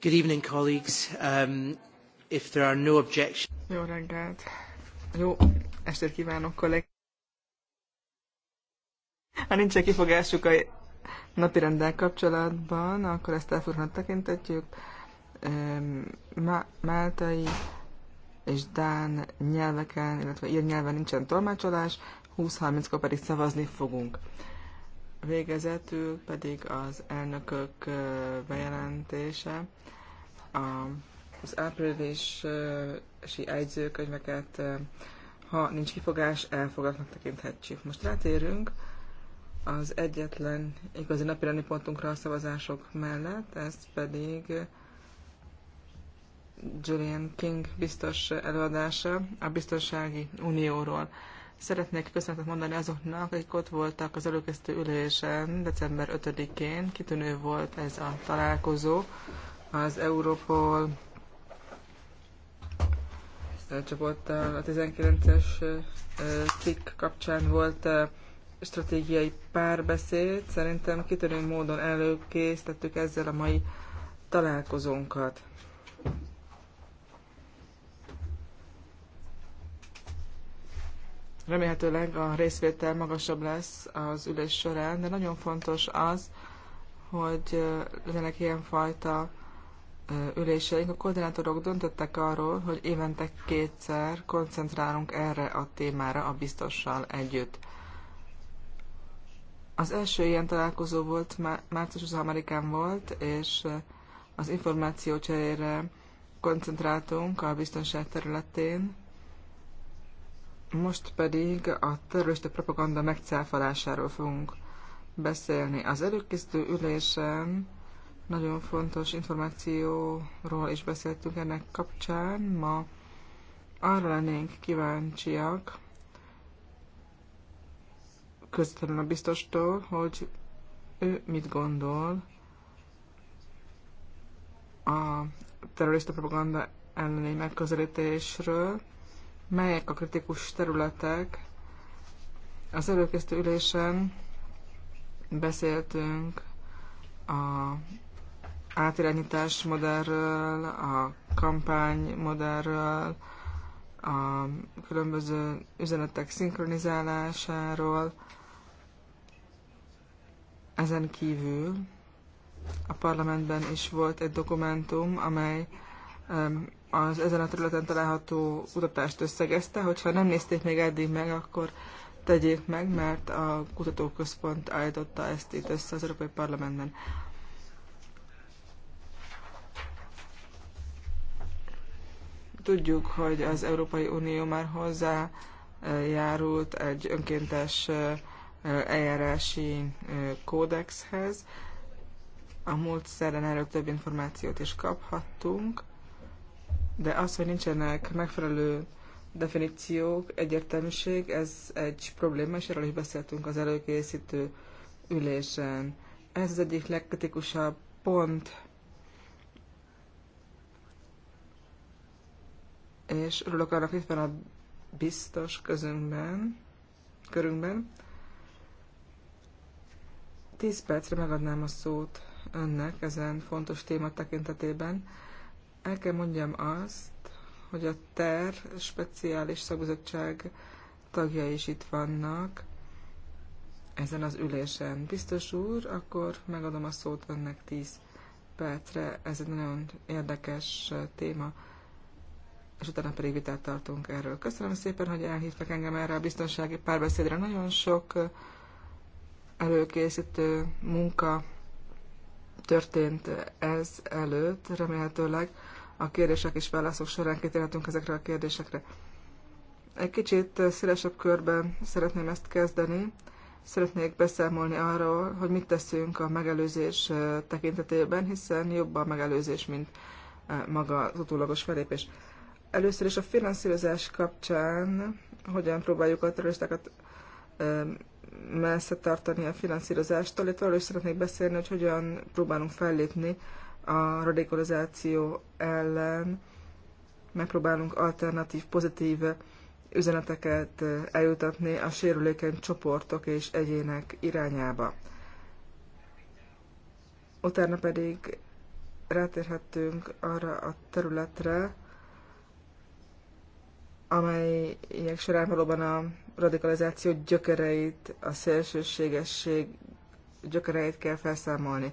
Good evening, colleagues. Um, if there are no objections. Jó reggelt. Jó estét kívánok, kollég. Ha nincsen kifogásuk a rendel kapcsolatban, akkor ezt elfogadnak tekintetjük. Má Máltai és Dán nyelveken, illetve ír nyelven nincsen tolmácsolás, 20-30-kor pedig szavazni fogunk. Végezetül pedig az elnökök bejelentése, az áprilisi jegyzőkönyveket, ha nincs kifogás, elfogadnak tekinthetjük. Most rátérünk az egyetlen igazi rendi pontunkra a szavazások mellett, ez pedig Julian King biztos előadása a biztonsági unióról. Szeretnék köszönetet mondani azoknak, akik ott voltak az előkészítő ülésen december 5-én. Kitűnő volt ez a találkozó az Európol eh, csoporttal a 19-es eh, cikk kapcsán volt eh, stratégiai párbeszéd. Szerintem kitűnő módon előkészítettük ezzel a mai találkozónkat. Remélhetőleg a részvétel magasabb lesz az ülés során, de nagyon fontos az, hogy legyenek ilyenfajta üléseink. A koordinátorok döntöttek arról, hogy évente kétszer koncentrálunk erre a témára a biztossal együtt. Az első ilyen találkozó volt, március az Amerikán volt, és az információ cserére koncentráltunk a biztonság területén, most pedig a terrorista propaganda megcáfolásáról fogunk beszélni. Az előkészítő ülésen nagyon fontos információról is beszéltünk ennek kapcsán. Ma arra lennénk kíváncsiak, közvetlenül a biztostól, hogy ő mit gondol a terrorista propaganda elleni megközelítésről, melyek a kritikus területek. Az előkészítő ülésen beszéltünk a átirányítás modellről, a kampány modellről, a különböző üzenetek szinkronizálásáról. Ezen kívül a parlamentben is volt egy dokumentum, amely az ezen a területen található kutatást összegezte. Hogyha nem nézték még eddig meg, akkor tegyék meg, mert a kutatóközpont állította ezt itt össze az Európai Parlamentben. Tudjuk, hogy az Európai Unió már hozzá eh, járult egy önkéntes eh, eljárási eh, kódexhez. A múlt szeren erről több információt is kaphattunk de az, hogy nincsenek megfelelő definíciók, egyértelműség, ez egy probléma, és erről is beszéltünk az előkészítő ülésen. Ez az egyik legkritikusabb pont, és örülök annak, itt van a biztos közünkben, körünkben. Tíz percre megadnám a szót önnek ezen fontos téma tekintetében el kell mondjam azt, hogy a TER speciális szakbizottság tagjai is itt vannak ezen az ülésen. Biztos úr, akkor megadom a szót önnek 10 percre. Ez egy nagyon érdekes téma, és utána pedig vitát tartunk erről. Köszönöm szépen, hogy elhívtak engem erre a biztonsági párbeszédre. Nagyon sok előkészítő munka történt ez előtt, remélhetőleg a kérdések és válaszok során kitérhetünk ezekre a kérdésekre. Egy kicsit szélesebb körben szeretném ezt kezdeni. Szeretnék beszámolni arról, hogy mit teszünk a megelőzés tekintetében, hiszen jobb a megelőzés, mint maga az utólagos felépés. Először is a finanszírozás kapcsán hogyan próbáljuk a terroristákat messze tartani a finanszírozástól. Itt arról is szeretnék beszélni, hogy hogyan próbálunk fellépni a radikalizáció ellen megpróbálunk alternatív, pozitív üzeneteket eljutatni a sérülékeny csoportok és egyének irányába. Utána pedig rátérhettünk arra a területre, amelyek során valóban a radikalizáció gyökereit, a szélsőségesség gyökereit kell felszámolni.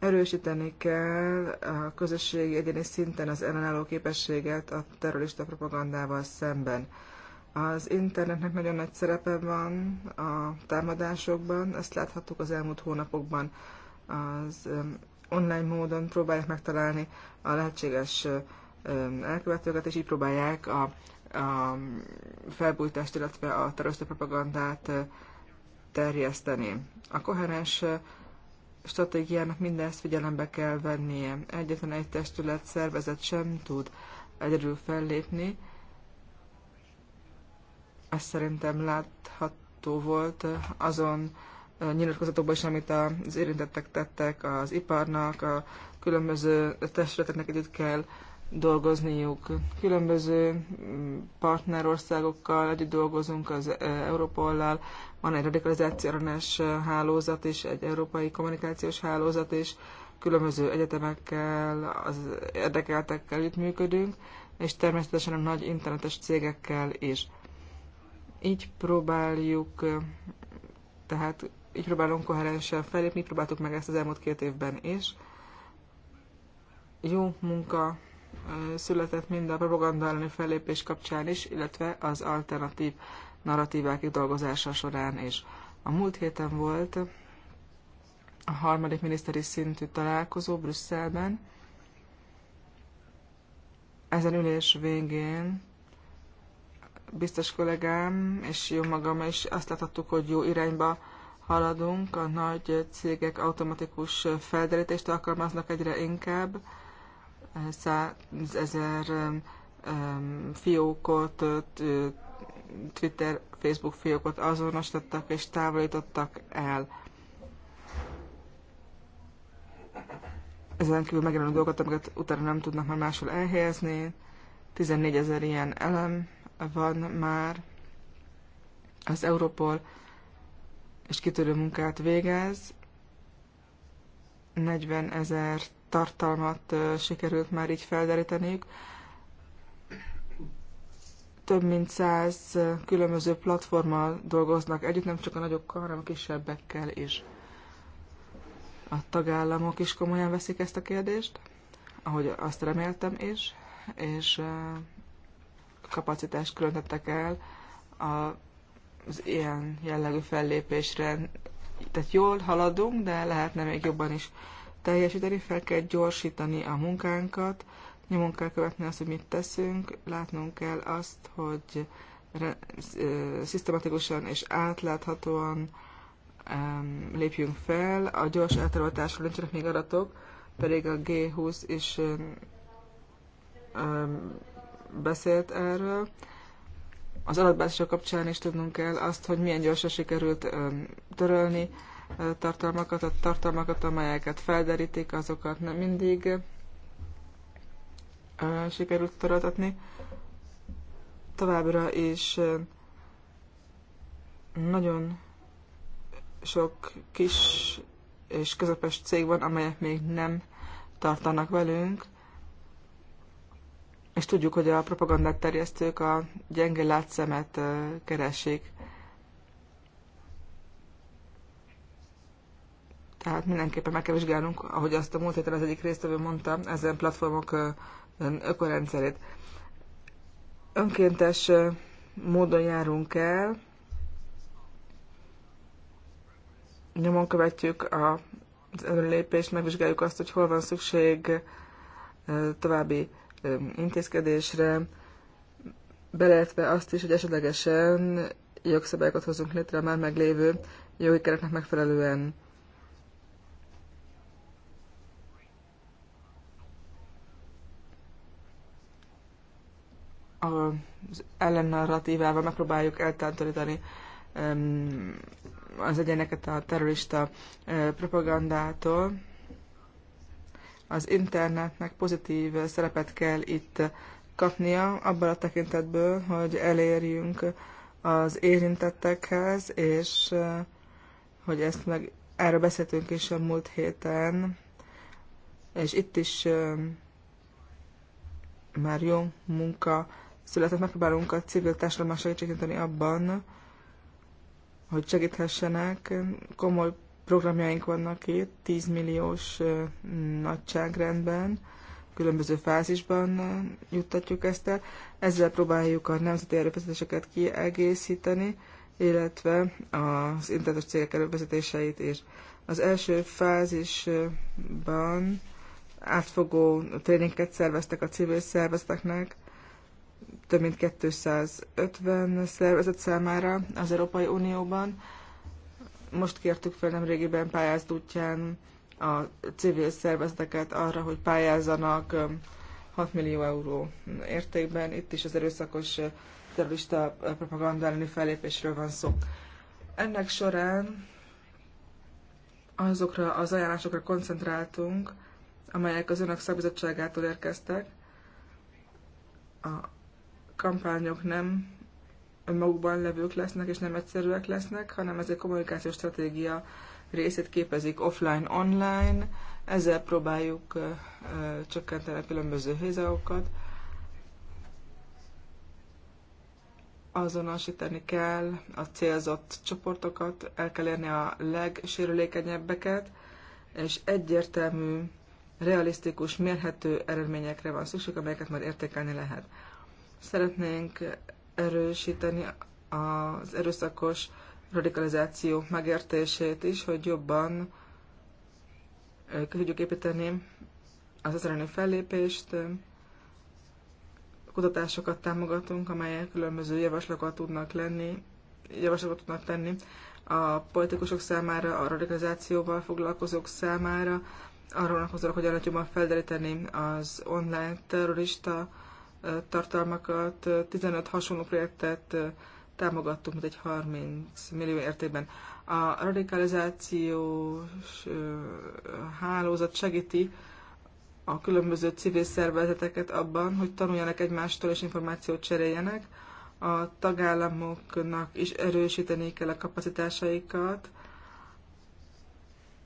Erősíteni kell a közösségi egyéni szinten az ellenálló képességet a terrorista propagandával szemben. Az internetnek nagyon nagy szerepe van a támadásokban, ezt láthattuk az elmúlt hónapokban. Az online módon próbálják megtalálni a lehetséges elkövetőket, és így próbálják a, a felbújtást, illetve a terrorista propagandát terjeszteni. A koherens stratégiának mindezt figyelembe kell vennie. Egyetlen egy testület szervezet sem tud egyedül fellépni. Ez szerintem látható volt azon nyilatkozatokban is, amit az érintettek tettek az iparnak, a különböző testületeknek együtt kell dolgozniuk. Különböző mm, partnerországokkal együtt dolgozunk, az e, Európollal, van egy radikalizációs e, hálózat is, egy európai kommunikációs hálózat is, különböző egyetemekkel, az érdekeltekkel együtt működünk, és természetesen a nagy internetes cégekkel is. Így próbáljuk, e, tehát így próbálunk koherensen felépni, próbáltuk meg ezt az elmúlt két évben is. Jó munka született mind a propaganda elleni fellépés kapcsán is, illetve az alternatív narratívák kidolgozása során is. A múlt héten volt a harmadik miniszteri szintű találkozó Brüsszelben. Ezen ülés végén biztos kollégám és jó magam is azt láthattuk, hogy jó irányba haladunk, a nagy cégek automatikus felderítést alkalmaznak egyre inkább, 100 ezer fiókot, Twitter, Facebook fiókot azonosítottak és távolítottak el. Ezen kívül megjelenő dolgokat, amiket utána nem tudnak már máshol elhelyezni. 14 ezer ilyen elem van már. Az Europol és kitörő munkát végez. 40 ezert tartalmat sikerült már így felderíteniük. Több mint száz különböző platformmal dolgoznak együtt, nem csak a nagyokkal, hanem a kisebbekkel is. A tagállamok is komolyan veszik ezt a kérdést, ahogy azt reméltem is, és kapacitást különítettek el az ilyen jellegű fellépésre. Tehát jól haladunk, de lehetne még jobban is teljesíteni, fel kell gyorsítani a munkánkat, nyomon kell követni azt, hogy mit teszünk, látnunk kell azt, hogy szisztematikusan és átláthatóan um, lépjünk fel. A gyors eltaroltásról nincsenek még adatok, pedig a G20 is um, beszélt erről. Az adatbázisok kapcsán is tudnunk kell azt, hogy milyen gyorsan sikerült um, törölni tartalmakat, a tartalmakat, amelyeket felderítik, azokat nem mindig sikerült tartatni. Továbbra is nagyon sok kis és közepes cég van, amelyek még nem tartanak velünk, és tudjuk, hogy a propagandát terjesztők a gyenge látszemet keresik. Tehát mindenképpen meg kell vizsgálnunk, ahogy azt a múlt héten az egyik résztvevő mondta, ezen platformok ökorendszerét. Önkéntes módon járunk el, nyomon követjük a, az megvizsgáljuk azt, hogy hol van szükség további intézkedésre, beleértve azt is, hogy esetlegesen jogszabályokat hozunk létre a már meglévő jogi keretnek megfelelően. az ellennarratívával megpróbáljuk eltántorítani az egyeneket a terrorista eh, propagandától. Az internetnek pozitív szerepet kell itt kapnia abban a tekintetből, hogy elérjünk az érintettekhez, és eh, hogy ezt meg erről beszéltünk is a múlt héten, és itt is eh, már jó munka született, megpróbálunk a civil társadalmat segítségíteni abban, hogy segíthessenek. Komoly programjaink vannak itt, 10 milliós nagyságrendben, különböző fázisban juttatjuk ezt el. Ezzel próbáljuk a nemzeti erőfeszítéseket kiegészíteni, illetve az internetes cégek erőfeszítéseit is. Az első fázisban átfogó tréninget szerveztek a civil szervezeteknek, több mint 250 szervezet számára az Európai Unióban. Most kértük fel nemrégiben pályázat útján a civil szervezeteket arra, hogy pályázzanak 6 millió euró értékben. Itt is az erőszakos terrorista propaganda elleni fellépésről van szó. Ennek során azokra az ajánlásokra koncentráltunk, amelyek az önök szakbizottságától érkeztek, a kampányok nem magukban levők lesznek és nem egyszerűek lesznek, hanem ez egy kommunikációs stratégia részét képezik offline-online, ezzel próbáljuk ö, ö, csökkenteni a különböző hézeokat. Azonosítani kell a célzott csoportokat, el kell érni a legsérülékenyebbeket, és egyértelmű, realisztikus, mérhető eredményekre van szükség, amelyeket majd értékelni lehet. Szeretnénk erősíteni az erőszakos radikalizáció megértését is, hogy jobban tudjuk építeni az ezelőni fellépést, kutatásokat támogatunk, amelyek különböző javaslatokat tudnak lenni, javaslatokat tudnak tenni a politikusok számára, a radikalizációval foglalkozók számára, arról hogy hogyan lehet jobban felderíteni az online terrorista tartalmakat, 15 hasonló projektet támogattunk, mint egy 30 millió értékben. A radikalizációs hálózat segíti a különböző civil szervezeteket abban, hogy tanuljanak egymástól és információt cseréljenek. A tagállamoknak is erősíteni kell a kapacitásaikat,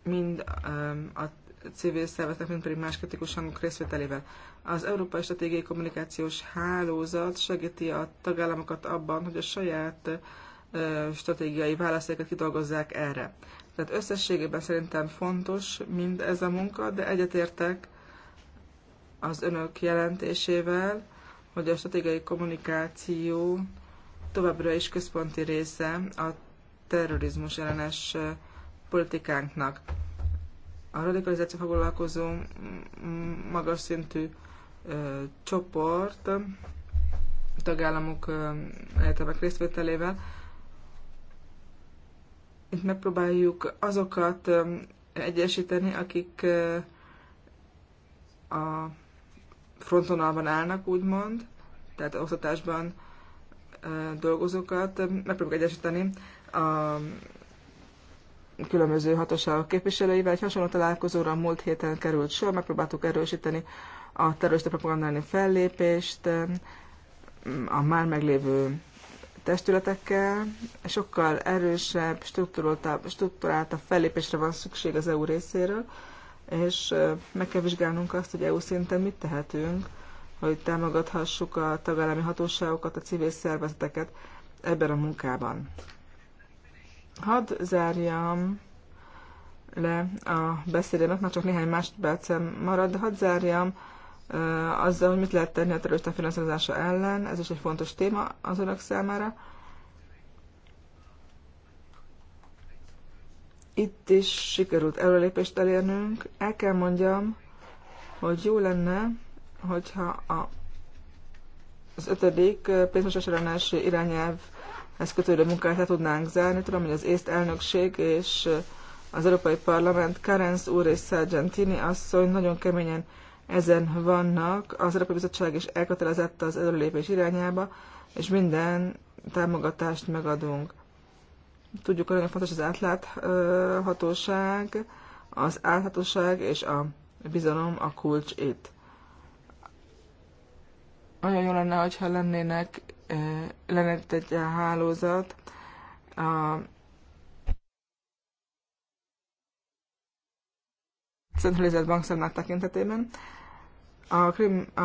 mind a civil szervezetek, mint pedig más kritikus hangok részvételével. Az Európai Stratégiai Kommunikációs Hálózat segíti a tagállamokat abban, hogy a saját stratégiai válaszokat kidolgozzák erre. Tehát összességében szerintem fontos mind ez a munka, de egyetértek az önök jelentésével, hogy a stratégiai kommunikáció továbbra is központi része a terrorizmus ellenes politikánknak a radikalizáció foglalkozó mm, mm, magas szintű ö, csoport tagállamok egyetemek részvételével. Itt megpróbáljuk azokat ö, egyesíteni, akik ö, a frontonalban állnak, úgymond, tehát oktatásban dolgozókat, megpróbáljuk egyesíteni a különböző hatóságok képviselőivel. Egy hasonló találkozóra a múlt héten került sor, megpróbáltuk erősíteni a terrorista propagandálni fellépést a már meglévő testületekkel. Sokkal erősebb, struktúráltabb fellépésre van szükség az EU részéről, és meg kell vizsgálnunk azt, hogy EU szinten mit tehetünk, hogy támogathassuk a tagállami hatóságokat, a civil szervezeteket ebben a munkában. Hadd zárjam le a beszédemet, már csak néhány másodpercem marad, de hadd zárjam uh, azzal, hogy mit lehet tenni a területen finanszírozása ellen. Ez is egy fontos téma az önök számára. Itt is sikerült előlépést elérnünk. El kell mondjam, hogy jó lenne, hogyha a, az ötödik pénzmosás ellenes irányelv ez kötődő munkát le tudnánk zárni. Tudom, hogy az észt elnökség és eh, az Európai Parlament Karenz úr és Sargentini asszony nagyon keményen ezen vannak. Az Európai Bizottság is elkötelezett az előlépés irányába, és minden támogatást megadunk. Tudjuk, hogy nagyon fontos az átláthatóság, az átláthatóság és a bizalom a kulcs itt. Olyan jó lenne, hogyha lennének lenne egy hálózat, a centralizált bankszámlák tekintetében. A krim, a,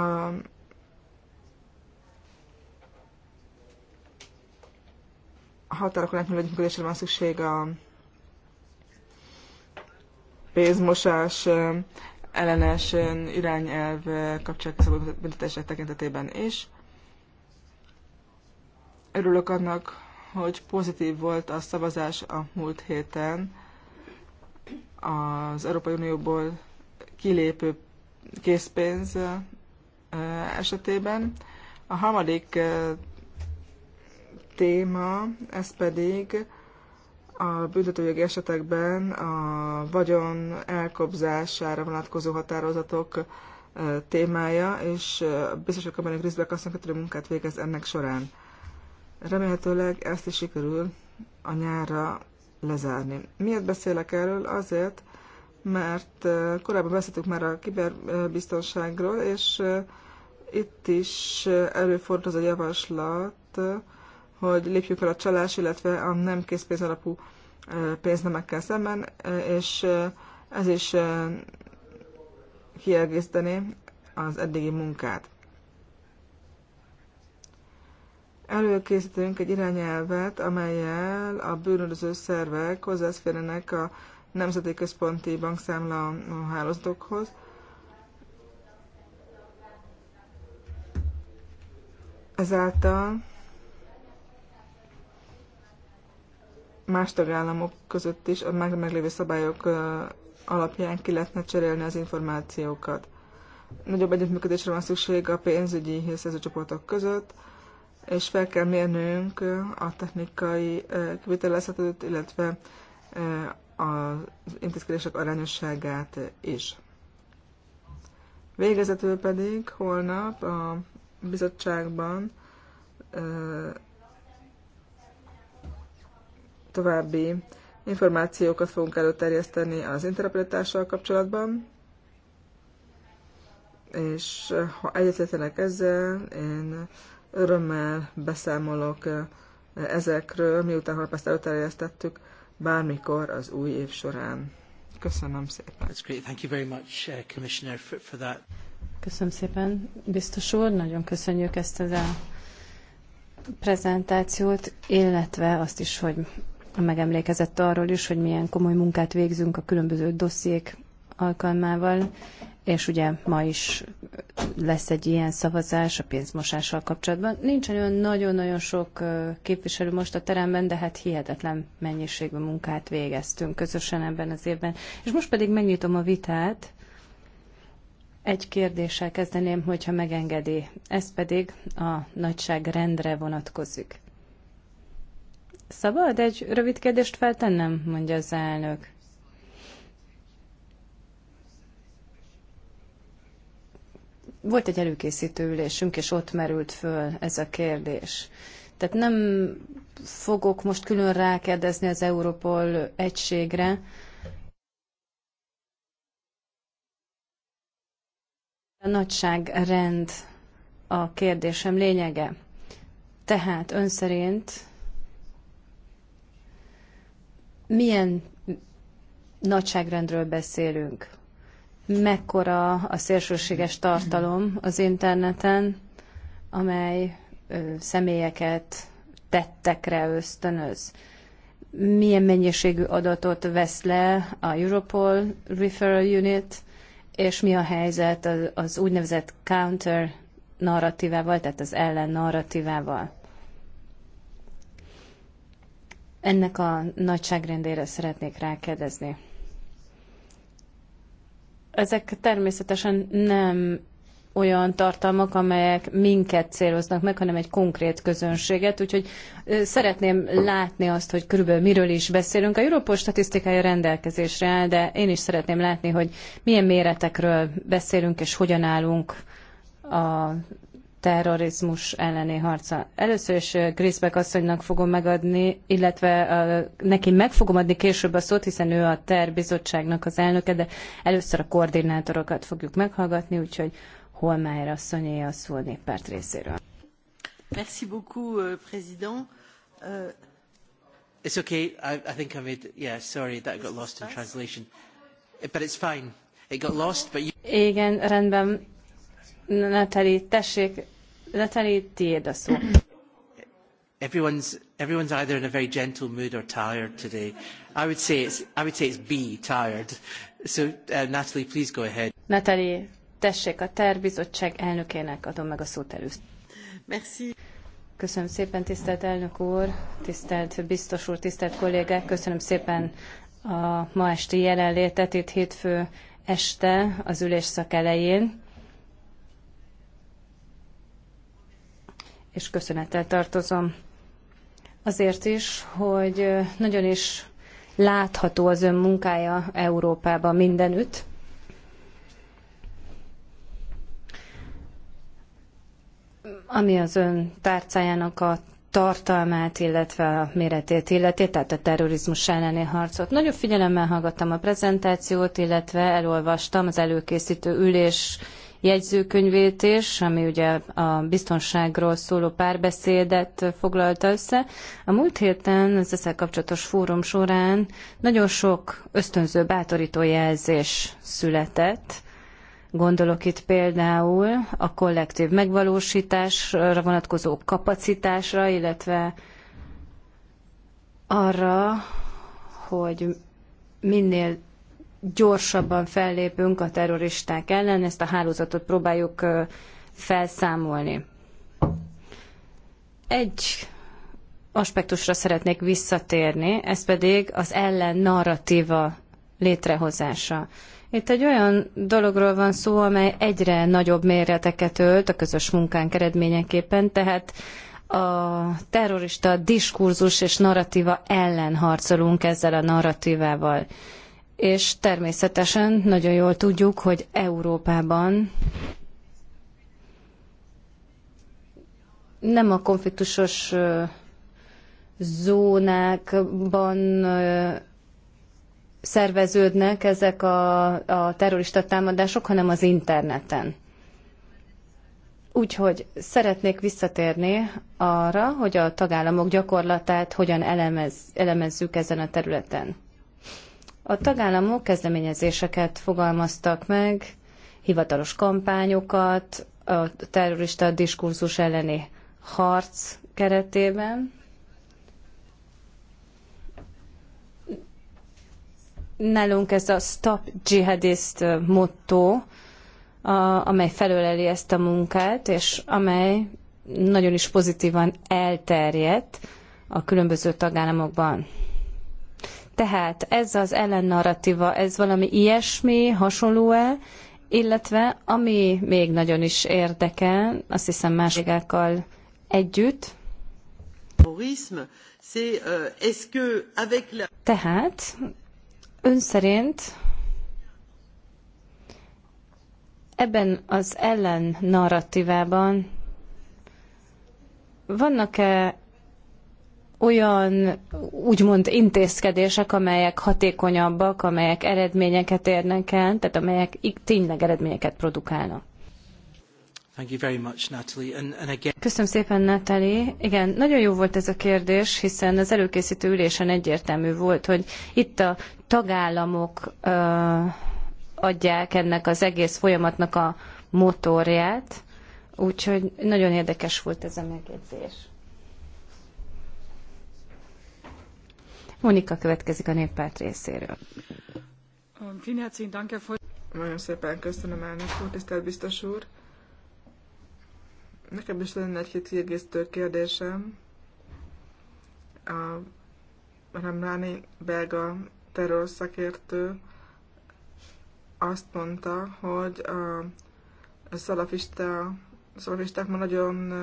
a határokon átnyúló együttműködésre van szükség a pénzmosás ellenes irányelv kapcsolatos büntetések tekintetében is. Örülök annak, hogy pozitív volt a szavazás a múlt héten az Európai Unióból kilépő készpénz esetében. A harmadik téma, ez pedig a büntetőjogi esetekben a vagyon elkobzására vonatkozó határozatok témája, és biztosak abban, hogy Griszbek asszony munkát végez ennek során. Remélhetőleg ezt is sikerül a nyárra lezárni. Miért beszélek erről? Azért, mert korábban beszéltük már a kiberbiztonságról, és itt is előfordul az a javaslat, hogy lépjük el a csalás, illetve a nem készpénz alapú pénznemekkel szemben, és ez is kiegészíteni az eddigi munkát. Előkészítünk egy irányelvet, amelyel a bűnöző szervek hozzáférnek a Nemzeti Központi Bankszámla hálózatokhoz. Ezáltal más tagállamok között is a már meglévő szabályok alapján ki lehetne cserélni az információkat. Nagyobb együttműködésre van szükség a pénzügyi szerzőcsoportok között, és fel kell mérnünk a technikai kivitelezhetőt, illetve az intézkedések arányosságát is. Végezetül pedig holnap a bizottságban további információkat fogunk előterjeszteni az interpretással kapcsolatban, és ha egyetértenek ezzel, én Örömmel beszámolok eh, ezekről, miután ezt előterjesztettük bármikor az új év során. Köszönöm szépen. That's great. Thank you very much, uh, Commissioner, for, for that. Köszönöm szépen, biztos úr. Nagyon köszönjük ezt az a prezentációt, illetve azt is, hogy megemlékezett arról is, hogy milyen komoly munkát végzünk a különböző dossziék alkalmával, és ugye ma is lesz egy ilyen szavazás a pénzmosással kapcsolatban. Nincsen olyan nagyon-nagyon sok képviselő most a teremben, de hát hihetetlen mennyiségű munkát végeztünk közösen ebben az évben. És most pedig megnyitom a vitát. Egy kérdéssel kezdeném, hogyha megengedi. Ez pedig a nagyságrendre vonatkozik. Szabad egy rövid kérdést feltennem, mondja az elnök. Volt egy előkészítő ülésünk, és ott merült föl ez a kérdés. Tehát nem fogok most külön rákérdezni az Európol egységre, A nagyságrend a kérdésem lényege. Tehát ön szerint milyen nagyságrendről beszélünk? mekkora a szélsőséges tartalom az interneten, amely személyeket tettekre ösztönöz. Milyen mennyiségű adatot vesz le a Europol Referral Unit, és mi a helyzet az, az úgynevezett counter narratívával, tehát az ellen narratívával. Ennek a nagyságrendére szeretnék rákérdezni. Ezek természetesen nem olyan tartalmak, amelyek minket céloznak meg, hanem egy konkrét közönséget, úgyhogy szeretném látni azt, hogy körülbelül miről is beszélünk. A Europol statisztikája rendelkezésre áll, de én is szeretném látni, hogy milyen méretekről beszélünk és hogyan állunk a terrorizmus elleni harca. Először is eh, Griszbek asszonynak fogom megadni, illetve a, eh, neki meg fogom adni később a szót, hiszen ő a TER bizottságnak az elnöke, de először a koordinátorokat fogjuk meghallgatni, úgyhogy Holmájer asszonyé a szó a néppárt részéről. Merci beaucoup, euh, président. Uh... It's okay, I, I think I made, yeah, sorry, that got lost in translation. But it's fine. It got lost, but you... Igen, rendben Natalie, tessék, Natalie tiéd a szó. Everyone's, everyone's either in a very gentle mood or tired today. I would say it's, I would say it's B, tired. So, uh, Natalie, please go ahead. Natalie, tessék, a terbizottság elnökének adom meg a szót először. Merci. Köszönöm szépen, tisztelt elnök úr, tisztelt biztos úr, tisztelt kollégák, köszönöm szépen a ma esti jelenlétet itt hétfő este az ülésszak elején. és köszönettel tartozom. Azért is, hogy nagyon is látható az ön munkája Európában mindenütt. Ami az ön tárcájának a tartalmát, illetve a méretét illeti, tehát a terrorizmus elleni harcot. Nagyon figyelemmel hallgattam a prezentációt, illetve elolvastam az előkészítő ülés jegyzőkönyvét is, ami ugye a biztonságról szóló párbeszédet foglalta össze. A múlt héten az ezzel kapcsolatos fórum során nagyon sok ösztönző, bátorító jelzés született, Gondolok itt például a kollektív megvalósításra vonatkozó kapacitásra, illetve arra, hogy minél gyorsabban fellépünk a terroristák ellen, ezt a hálózatot próbáljuk felszámolni. Egy aspektusra szeretnék visszatérni, ez pedig az ellen narratíva létrehozása. Itt egy olyan dologról van szó, amely egyre nagyobb méreteket ölt a közös munkánk eredményeképpen, tehát a terrorista diskurzus és narratíva ellen harcolunk ezzel a narratívával és természetesen nagyon jól tudjuk, hogy Európában nem a konfliktusos zónákban szerveződnek ezek a, a terrorista támadások, hanem az interneten. Úgyhogy szeretnék visszatérni arra, hogy a tagállamok gyakorlatát hogyan elemez, elemezzük ezen a területen. A tagállamok kezdeményezéseket fogalmaztak meg, hivatalos kampányokat, a terrorista diskurzus elleni harc keretében. Nálunk ez a Stop Jihadist motto, a, amely felöleli ezt a munkát, és amely nagyon is pozitívan elterjedt a különböző tagállamokban. Tehát ez az ellennarratíva, ez valami ilyesmi, hasonló-e, illetve ami még nagyon is érdekel, azt hiszem más kollégákkal együtt, euh, tehát ön szerint ebben az ellen narratívában vannak-e olyan úgymond intézkedések, amelyek hatékonyabbak, amelyek eredményeket érnek el, tehát amelyek tényleg eredményeket produkálnak. Köszönöm szépen, Natalie. Igen, nagyon jó volt ez a kérdés, hiszen az előkészítő ülésen egyértelmű volt, hogy itt a tagállamok adják ennek az egész folyamatnak a motorját, úgyhogy nagyon érdekes volt ez a megjegyzés. Monika következik a néppárt részéről. Nagyon szépen köszönöm elnök úr, tisztelt biztos úr. Nekem is lenne egy-két kiegészítő kérdésem. A Ramláni belga terror szakértő azt mondta, hogy a szalafista, szalafisták ma nagyon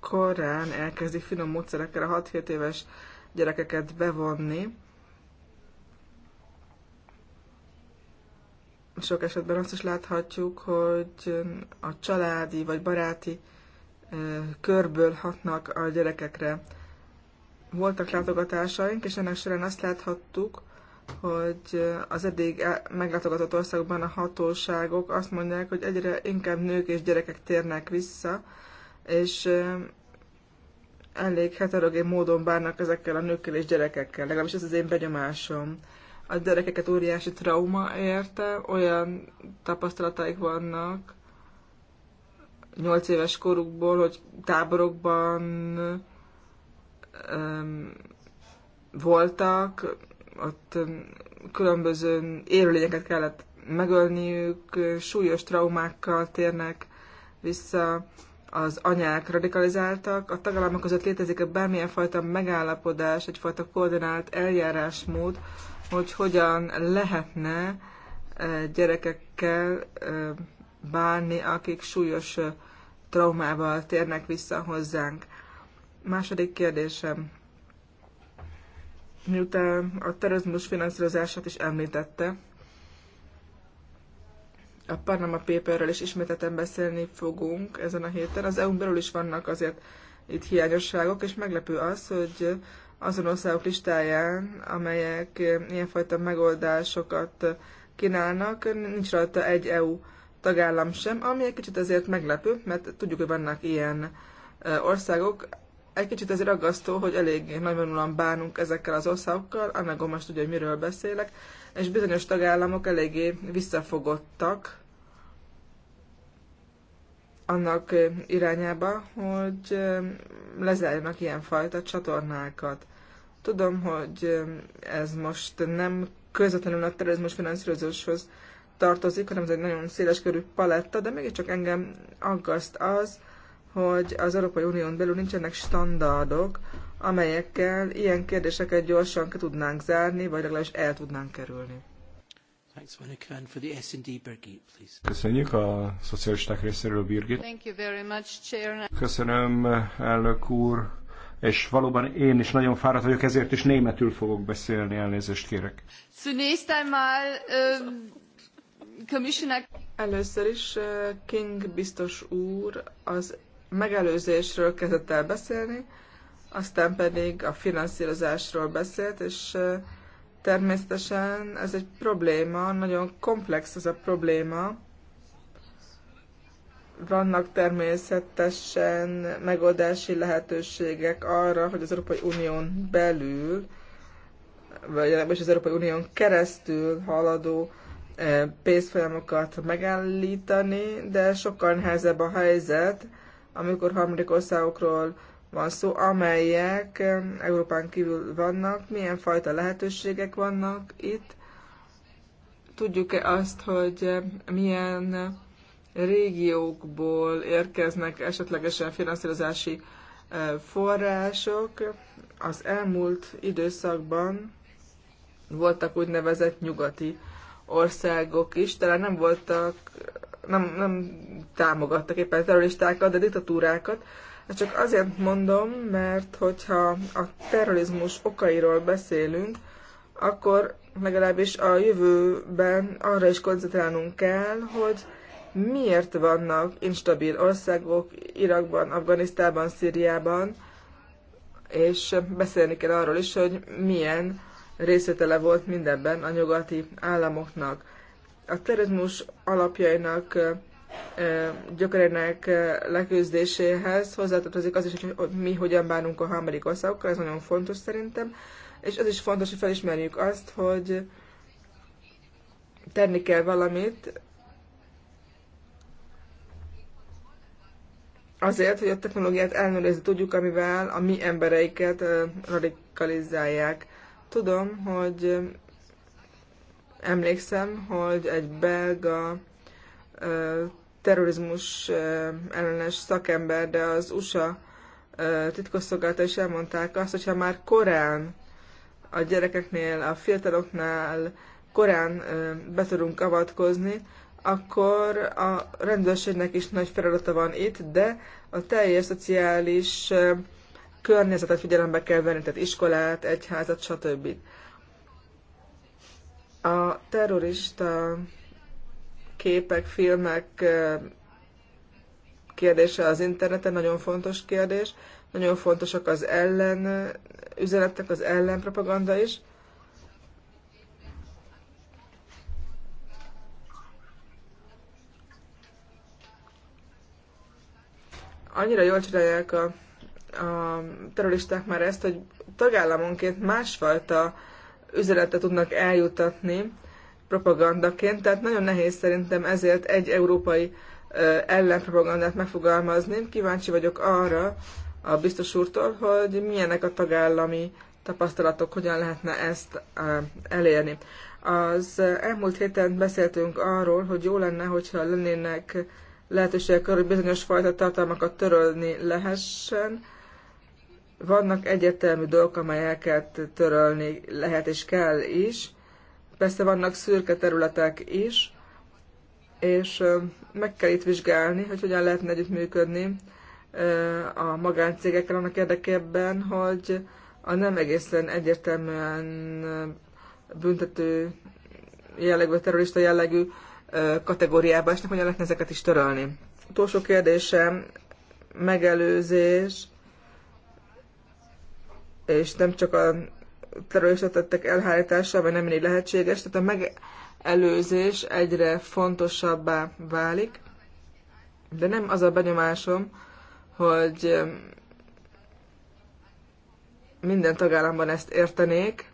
korán elkezdik finom módszerekkel a 6-7 éves gyerekeket bevonni. Sok esetben azt is láthatjuk, hogy a családi vagy baráti körből hatnak a gyerekekre. Voltak látogatásaink, és ennek során azt láthattuk, hogy az eddig meglátogatott országokban a hatóságok azt mondják, hogy egyre inkább nők és gyerekek térnek vissza, és elég heterogén módon bánnak ezekkel a nőkkel és gyerekekkel, legalábbis ez az én benyomásom. A gyerekeket óriási trauma érte, olyan tapasztalataik vannak, nyolc éves korukból, hogy táborokban um, voltak, ott különböző élőlényeket kellett megölniük, súlyos traumákkal térnek vissza az anyák radikalizáltak, a tagállamok között létezik -e bármilyen fajta megállapodás, egyfajta koordinált eljárásmód, hogy hogyan lehetne e, gyerekekkel e, bánni, akik súlyos e, traumával térnek vissza hozzánk. Második kérdésem. Miután a terrorizmus finanszírozását is említette, a Panama Paperről is ismételten beszélni fogunk ezen a héten. Az EU-n belül is vannak azért itt hiányosságok, és meglepő az, hogy azon országok listáján, amelyek ilyenfajta megoldásokat kínálnak, nincs rajta egy EU tagállam sem, ami egy kicsit azért meglepő, mert tudjuk, hogy vannak ilyen országok, egy kicsit ez ragasztó, hogy eléggé nagyvonulóan bánunk ezekkel az országokkal, annak most tudja, hogy miről beszélek, és bizonyos tagállamok eléggé visszafogottak annak irányába, hogy lezárjanak ilyenfajta csatornákat. Tudom, hogy ez most nem közvetlenül a terrorizmus finanszírozáshoz tartozik, hanem ez egy nagyon széles körű paletta, de mégiscsak engem aggaszt az, hogy az Európai Unión belül nincsenek standardok, amelyekkel ilyen kérdéseket gyorsan ki tudnánk zárni, vagy legalábbis el tudnánk kerülni. Köszönjük a szocialisták részéről, Birgit. Thank you very much, Chair. Köszönöm, elnök úr. És valóban én is nagyon fáradt vagyok, ezért is németül fogok beszélni, elnézést kérek. Zunächst einmal, ähm, Commissioner... Először is äh, King biztos úr az megelőzésről kezdett el beszélni, aztán pedig a finanszírozásról beszélt, és természetesen ez egy probléma, nagyon komplex ez a probléma. Vannak természetesen megoldási lehetőségek arra, hogy az Európai Unión belül, vagy az Európai Unión keresztül haladó pénzfolyamokat megállítani, de sokkal nehezebb a helyzet, amikor harmadik országokról van szó, amelyek eh, Európán kívül vannak, milyen fajta lehetőségek vannak itt, tudjuk-e azt, hogy eh, milyen régiókból érkeznek esetlegesen finanszírozási eh, források. Az elmúlt időszakban voltak úgynevezett nyugati országok is, talán nem voltak nem, nem támogattak éppen terroristákat, de diktatúrákat. Ezt csak azért mondom, mert hogyha a terrorizmus okairól beszélünk, akkor legalábbis a jövőben arra is koncentrálnunk kell, hogy miért vannak instabil országok Irakban, Afganisztában, Szíriában, és beszélni kell arról is, hogy milyen részvétele volt mindenben a nyugati államoknak a terrorizmus alapjainak gyökerének leküzdéséhez hozzátartozik az is, hogy mi hogyan bánunk a harmadik országokkal, ez nagyon fontos szerintem, és az is fontos, hogy felismerjük azt, hogy tenni kell valamit azért, hogy a technológiát ellenőrizni tudjuk, amivel a mi embereiket radikalizálják. Tudom, hogy Emlékszem, hogy egy belga terrorizmus ellenes szakember, de az USA titkosszolgálta is elmondták azt, hogyha már korán a gyerekeknél, a fiataloknál korán be tudunk avatkozni, akkor a rendőrségnek is nagy feladata van itt, de a teljes szociális környezetet figyelembe kell venni, tehát iskolát, egyházat, stb. A terrorista képek, filmek kérdése az interneten nagyon fontos kérdés, nagyon fontosak az ellen üzenetek, az ellenpropaganda is. Annyira jól csinálják a, a terroristák már ezt, hogy tagállamonként másfajta üzenetet tudnak eljutatni propagandaként, tehát nagyon nehéz szerintem ezért egy európai ellenpropagandát megfogalmazni. Kíváncsi vagyok arra a biztos úrtól, hogy milyenek a tagállami tapasztalatok, hogyan lehetne ezt elérni. Az elmúlt héten beszéltünk arról, hogy jó lenne, hogyha lennének lehetőségek arra, hogy bizonyos fajta tartalmakat törölni lehessen, vannak egyértelmű dolgok, amelyeket törölni lehet és kell is. Persze vannak szürke területek is, és meg kell itt vizsgálni, hogy hogyan lehetne együttműködni a magáncégekkel annak érdekében, hogy a nem egészen egyértelműen büntető jellegű, terrorista jellegű kategóriába esnek, hogyan lehetne ezeket is törölni. Utolsó kérdésem, megelőzés és nem csak a terrorista tettek elhárítása, vagy nem mindig lehetséges, tehát a megelőzés egyre fontosabbá válik, de nem az a benyomásom, hogy um, minden tagállamban ezt értenék.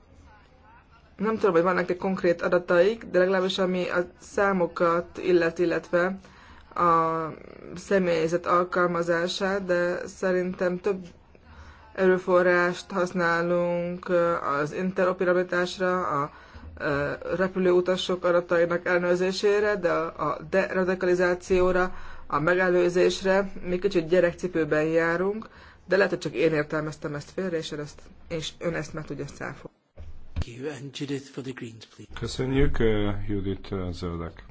Nem tudom, hogy vannak-e konkrét adataik, de legalábbis ami a számokat illet, illetve a személyzet alkalmazását, de szerintem több erőforrást használunk az interoperabilitásra, a repülőutasok adatainak elnőzésére, de a deradikalizációra, a megelőzésre mi kicsit gyerekcipőben járunk, de lehet, hogy csak én értelmeztem ezt félre, és, ezt, és ön ezt meg tudja száfogni. Köszönjük, Judit Zöldek.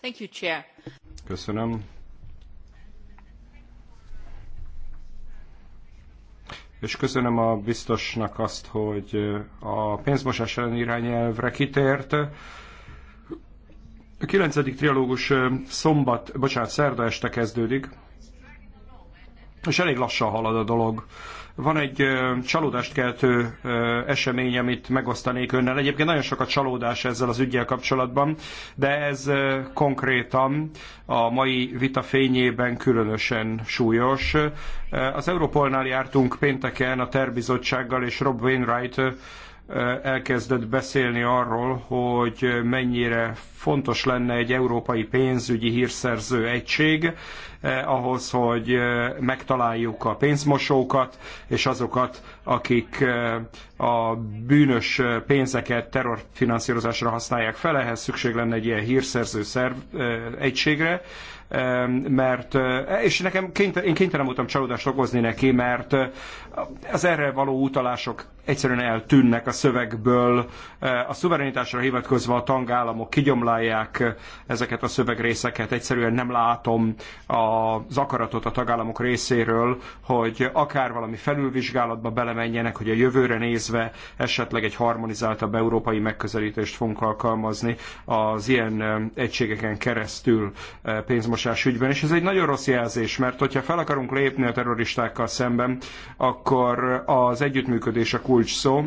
Thank you, Chair. Köszönöm. és köszönöm a biztosnak azt, hogy a pénzmosás elleni irányelvre kitért. A 9. trialógus szombat, bocsánat, szerda este kezdődik, és elég lassan halad a dolog. Van egy csalódást keltő esemény, amit megosztanék önnel. Egyébként nagyon sok a csalódás ezzel az ügyel kapcsolatban, de ez konkrétan a mai vita fényében különösen súlyos. Az Európolnál jártunk pénteken a terbizottsággal, és Rob Wainwright elkezdett beszélni arról, hogy mennyire fontos lenne egy európai pénzügyi hírszerző egység eh, ahhoz, hogy megtaláljuk a pénzmosókat és azokat, akik a bűnös pénzeket terrorfinanszírozásra használják fel. Ehhez szükség lenne egy ilyen hírszerző szerv, eh, egységre mert, és nekem kénytelen, én kénytelen voltam csalódást okozni neki, mert az erre való utalások egyszerűen eltűnnek a szövegből. A szuverenitásra hivatkozva a tangállamok kigyomlálják ezeket a szövegrészeket. Egyszerűen nem látom az akaratot a tagállamok részéről, hogy akár valami felülvizsgálatba belemenjenek, hogy a jövőre nézve esetleg egy harmonizáltabb európai megközelítést fogunk alkalmazni az ilyen egységeken keresztül pénzmosás ügyben. És ez egy nagyon rossz jelzés, mert hogyha fel akarunk lépni a terroristákkal szemben, akkor akkor az együttműködés a kulcs szó,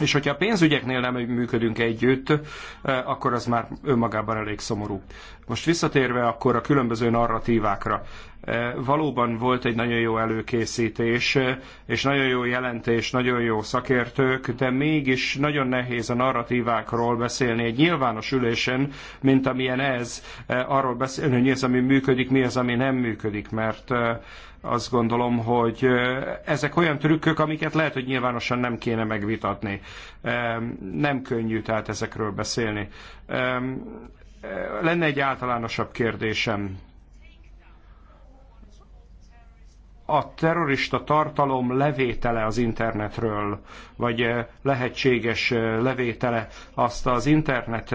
és hogyha a pénzügyeknél nem működünk együtt, eh, akkor az már önmagában elég szomorú. Most visszatérve akkor a különböző narratívákra. Eh, valóban volt egy nagyon jó előkészítés, eh, és nagyon jó jelentés, nagyon jó szakértők, de mégis nagyon nehéz a narratívákról beszélni egy nyilvános ülésen, mint amilyen ez, arról beszélni, hogy mi az, ami működik, mi az, ami nem működik, mert azt gondolom, hogy ezek olyan trükkök, amiket lehet, hogy nyilvánosan nem kéne megvitatni. Nem könnyű tehát ezekről beszélni. Lenne egy általánosabb kérdésem. A terrorista tartalom levétele az internetről, vagy lehetséges levétele, azt az Internet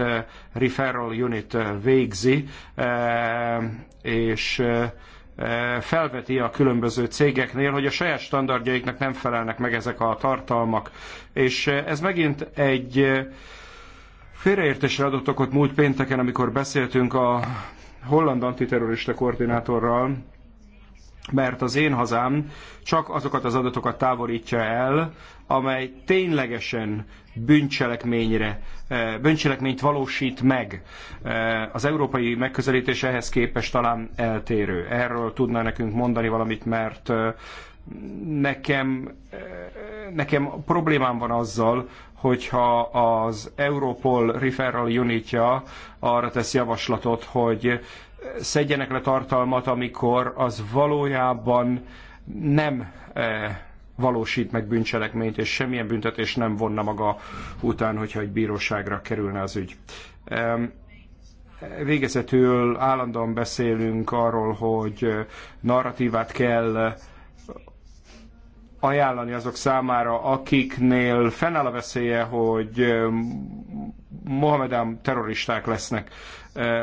Referral Unit végzi, és felveti a különböző cégeknél, hogy a saját standardjaiknak nem felelnek meg ezek a tartalmak. És ez megint egy félreértésre adott okot múlt pénteken, amikor beszéltünk a holland antiterrorista koordinátorral, mert az én hazám csak azokat az adatokat távolítja el, amely ténylegesen bűncselekményre bűncselekményt valósít meg. Az európai megközelítés ehhez képest talán eltérő. Erről tudna nekünk mondani valamit, mert nekem, nekem problémám van azzal, hogyha az Europol Referral Unitja arra tesz javaslatot, hogy szedjenek le tartalmat, amikor az valójában nem valósít meg bűncselekményt, és semmilyen büntetés nem vonna maga után, hogyha egy bíróságra kerülne az ügy. Végezetül állandóan beszélünk arról, hogy narratívát kell ajánlani azok számára, akiknél fennáll a veszélye, hogy Mohamedám terroristák lesznek.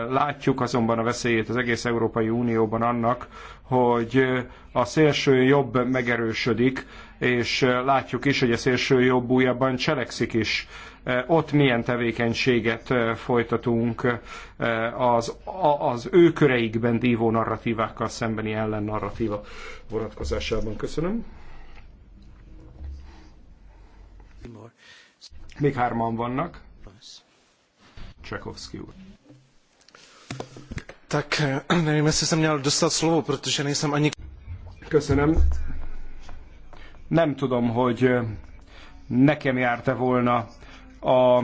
Látjuk azonban a veszélyét az egész Európai Unióban annak, hogy a szélső jobb megerősödik, és látjuk is, hogy a szélső jobb újabban cselekszik is. Ott milyen tevékenységet folytatunk az, az ő köreikben dívó narratívákkal szembeni ellen narratíva vonatkozásában. Köszönöm. Még hárman vannak. Csekovszki úr. Tak eh, nevím, jestli jsem měl dostat slovo, protože nejsem ani... Köszönöm. Nem tudom, hogy eh, nekem járta volna a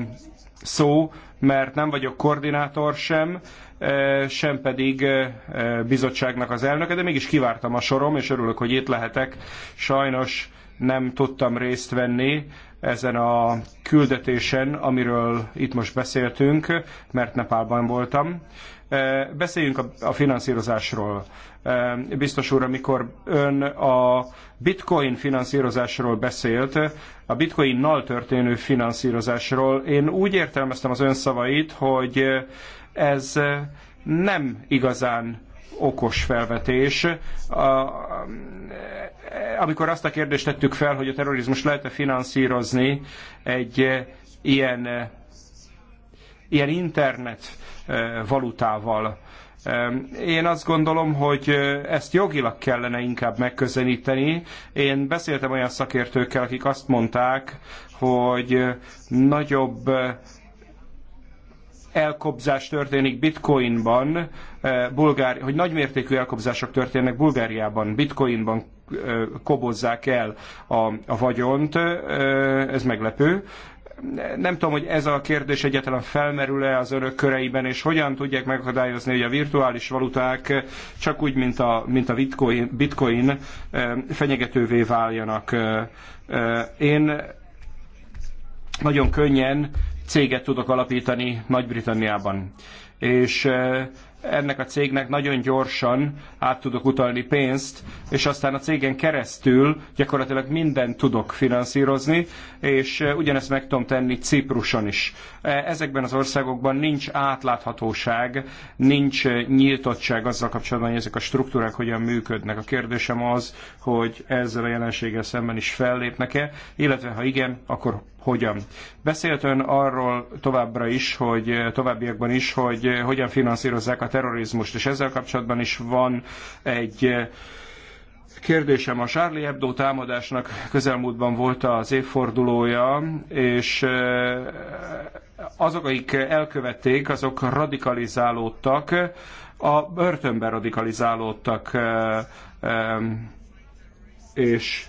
szó, mert nem vagyok koordinátor sem, eh, sem pedig bizottságnak az elnöke, de mégis kivártam a sorom, és örülök, hogy itt lehetek. Sajnos nem tudtam részt venni ezen a küldetésen, amiről itt most beszéltünk, mert Nepálban voltam. Eh, beszéljünk a finanszírozásról. Eh, biztos úr, amikor ön a bitcoin finanszírozásról beszélt, a bitcoinnal történő finanszírozásról, én úgy értelmeztem az ön szavait, hogy ez nem igazán okos felvetés amikor azt a kérdést tettük fel, hogy a terrorizmus lehet-e finanszírozni egy eh, ilyen, eh, ilyen internet eh, valutával, én azt gondolom, hogy ezt jogilag kellene inkább megközelíteni. Én beszéltem olyan szakértőkkel, akik azt mondták, hogy nagyobb elkobzás történik bitcoinban, bulgári, hogy nagymértékű elkobzások történnek Bulgáriában, bitcoinban, kobozzák el a, a vagyont, ez meglepő. Nem tudom, hogy ez a kérdés egyáltalán felmerül-e az örök köreiben, és hogyan tudják megakadályozni, hogy a virtuális valuták csak úgy, mint a, mint a bitcoin, bitcoin fenyegetővé váljanak. Én nagyon könnyen céget tudok alapítani Nagy-Britanniában. És ennek a cégnek nagyon gyorsan át tudok utalni pénzt, és aztán a cégen keresztül gyakorlatilag mindent tudok finanszírozni, és ugyanezt meg tudom tenni Cipruson is. E, ezekben az országokban nincs átláthatóság, nincs nyíltottság azzal kapcsolatban, hogy ezek a struktúrák hogyan működnek. A kérdésem az, hogy ezzel a jelenséggel szemben is fellépnek-e, illetve ha igen, akkor hogyan. Beszélt ön arról továbbra is, hogy továbbiakban is, hogy hogyan finanszírozzák a terrorizmust, és ezzel kapcsolatban is van egy kérdésem a Charlie Hebdo támadásnak közelmúltban volt az évfordulója, és eh, azok, akik elkövették, azok radikalizálódtak, a börtönben radikalizálódtak, eh, eh, és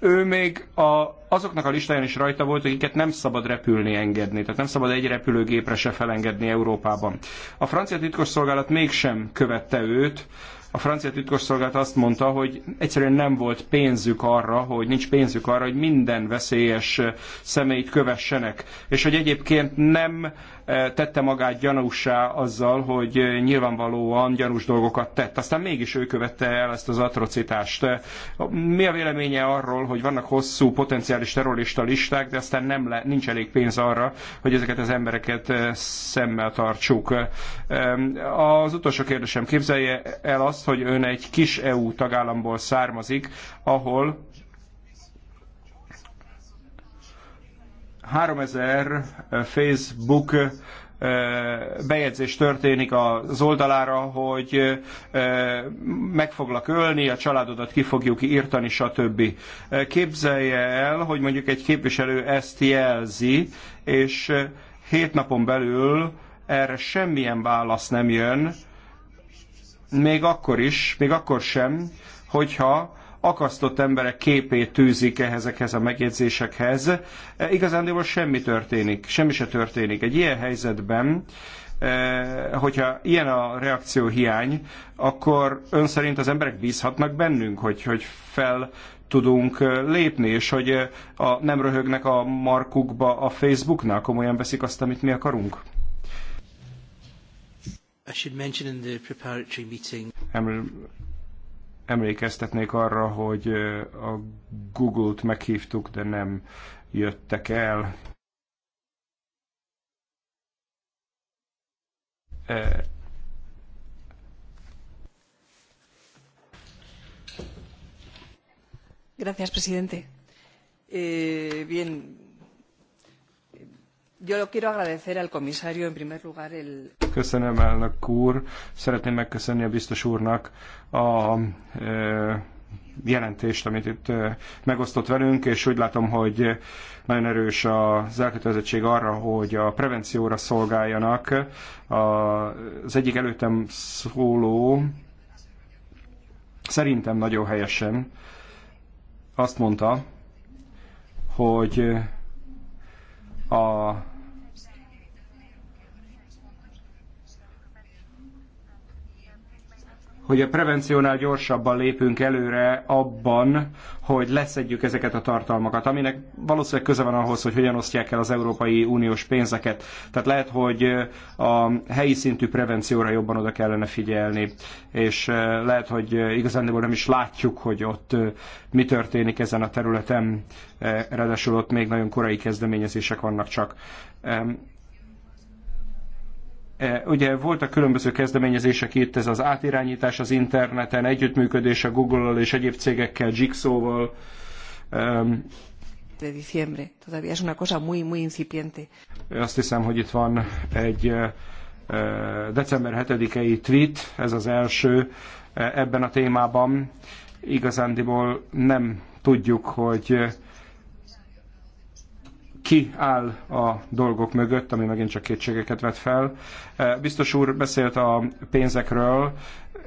ő még a, azoknak a listáján is rajta volt, akiket nem szabad repülni engedni, tehát nem szabad egy repülőgépre se felengedni Európában. A francia titkosszolgálat mégsem követte őt, a francia titkosszolgálat azt mondta, hogy egyszerűen nem volt pénzük arra, hogy nincs pénzük arra, hogy minden veszélyes személyt kövessenek, és hogy egyébként nem Eh, tette magát gyanúsá azzal, hogy nyilvánvalóan gyanús dolgokat tett. Aztán mégis ő követte el ezt az atrocitást. Mi a véleménye arról, hogy vannak hosszú potenciális terrorista listák, de aztán nem le, nincs elég pénz arra, hogy ezeket az embereket eh, szemmel tartsuk. Eh, az utolsó kérdésem, képzelje el azt, hogy ön egy kis EU tagállamból származik, ahol 3000 Facebook bejegyzés történik az oldalára, hogy meg foglak ölni, a családodat ki fogjuk írtani, stb. Képzelje el, hogy mondjuk egy képviselő ezt jelzi, és hét napon belül erre semmilyen válasz nem jön, még akkor is, még akkor sem, hogyha akasztott emberek képét tűzik ezekhez a megjegyzésekhez. E, igazándiból semmi történik, semmi se történik. Egy ilyen helyzetben e, hogyha ilyen a reakció hiány, akkor ön szerint az emberek bízhatnak bennünk, hogy, hogy fel tudunk e, lépni, és hogy a, nem röhögnek a markukba a Facebooknál, komolyan veszik azt, amit mi akarunk? I should mention in the preparatory meeting. Emlékeztetnék arra, hogy a Google-t meghívtuk, de nem jöttek el. Gracias, presidente. Eh, bien, Köszönöm elnök úr, szeretném megköszönni a biztos úrnak a e, jelentést, amit itt e, megosztott velünk, és úgy látom, hogy nagyon erős az elkötelezettség arra, hogy a prevencióra szolgáljanak. A, az egyik előttem szóló szerintem nagyon helyesen azt mondta, hogy a hogy a prevenciónál gyorsabban lépünk előre abban, hogy leszedjük ezeket a tartalmakat, aminek valószínűleg köze van ahhoz, hogy hogyan osztják el az Európai Uniós pénzeket. Tehát lehet, hogy a helyi szintű prevencióra jobban oda kellene figyelni, és lehet, hogy igazán nem is látjuk, hogy ott mi történik ezen a területen, ráadásul ott még nagyon korai kezdeményezések vannak csak. E, ugye voltak különböző kezdeményezések itt, ez az átirányítás az interneten, együttműködés a Google-al és egyéb cégekkel, Jigsaw-val. De diciembre, todavía es una cosa muy, muy incipiente. Azt hiszem, hogy itt van egy december 7-i tweet, ez az első ebben a témában. Igazándiból nem tudjuk, hogy ki áll a dolgok mögött, ami megint csak kétségeket vet fel. Eh, biztos úr beszélt a pénzekről,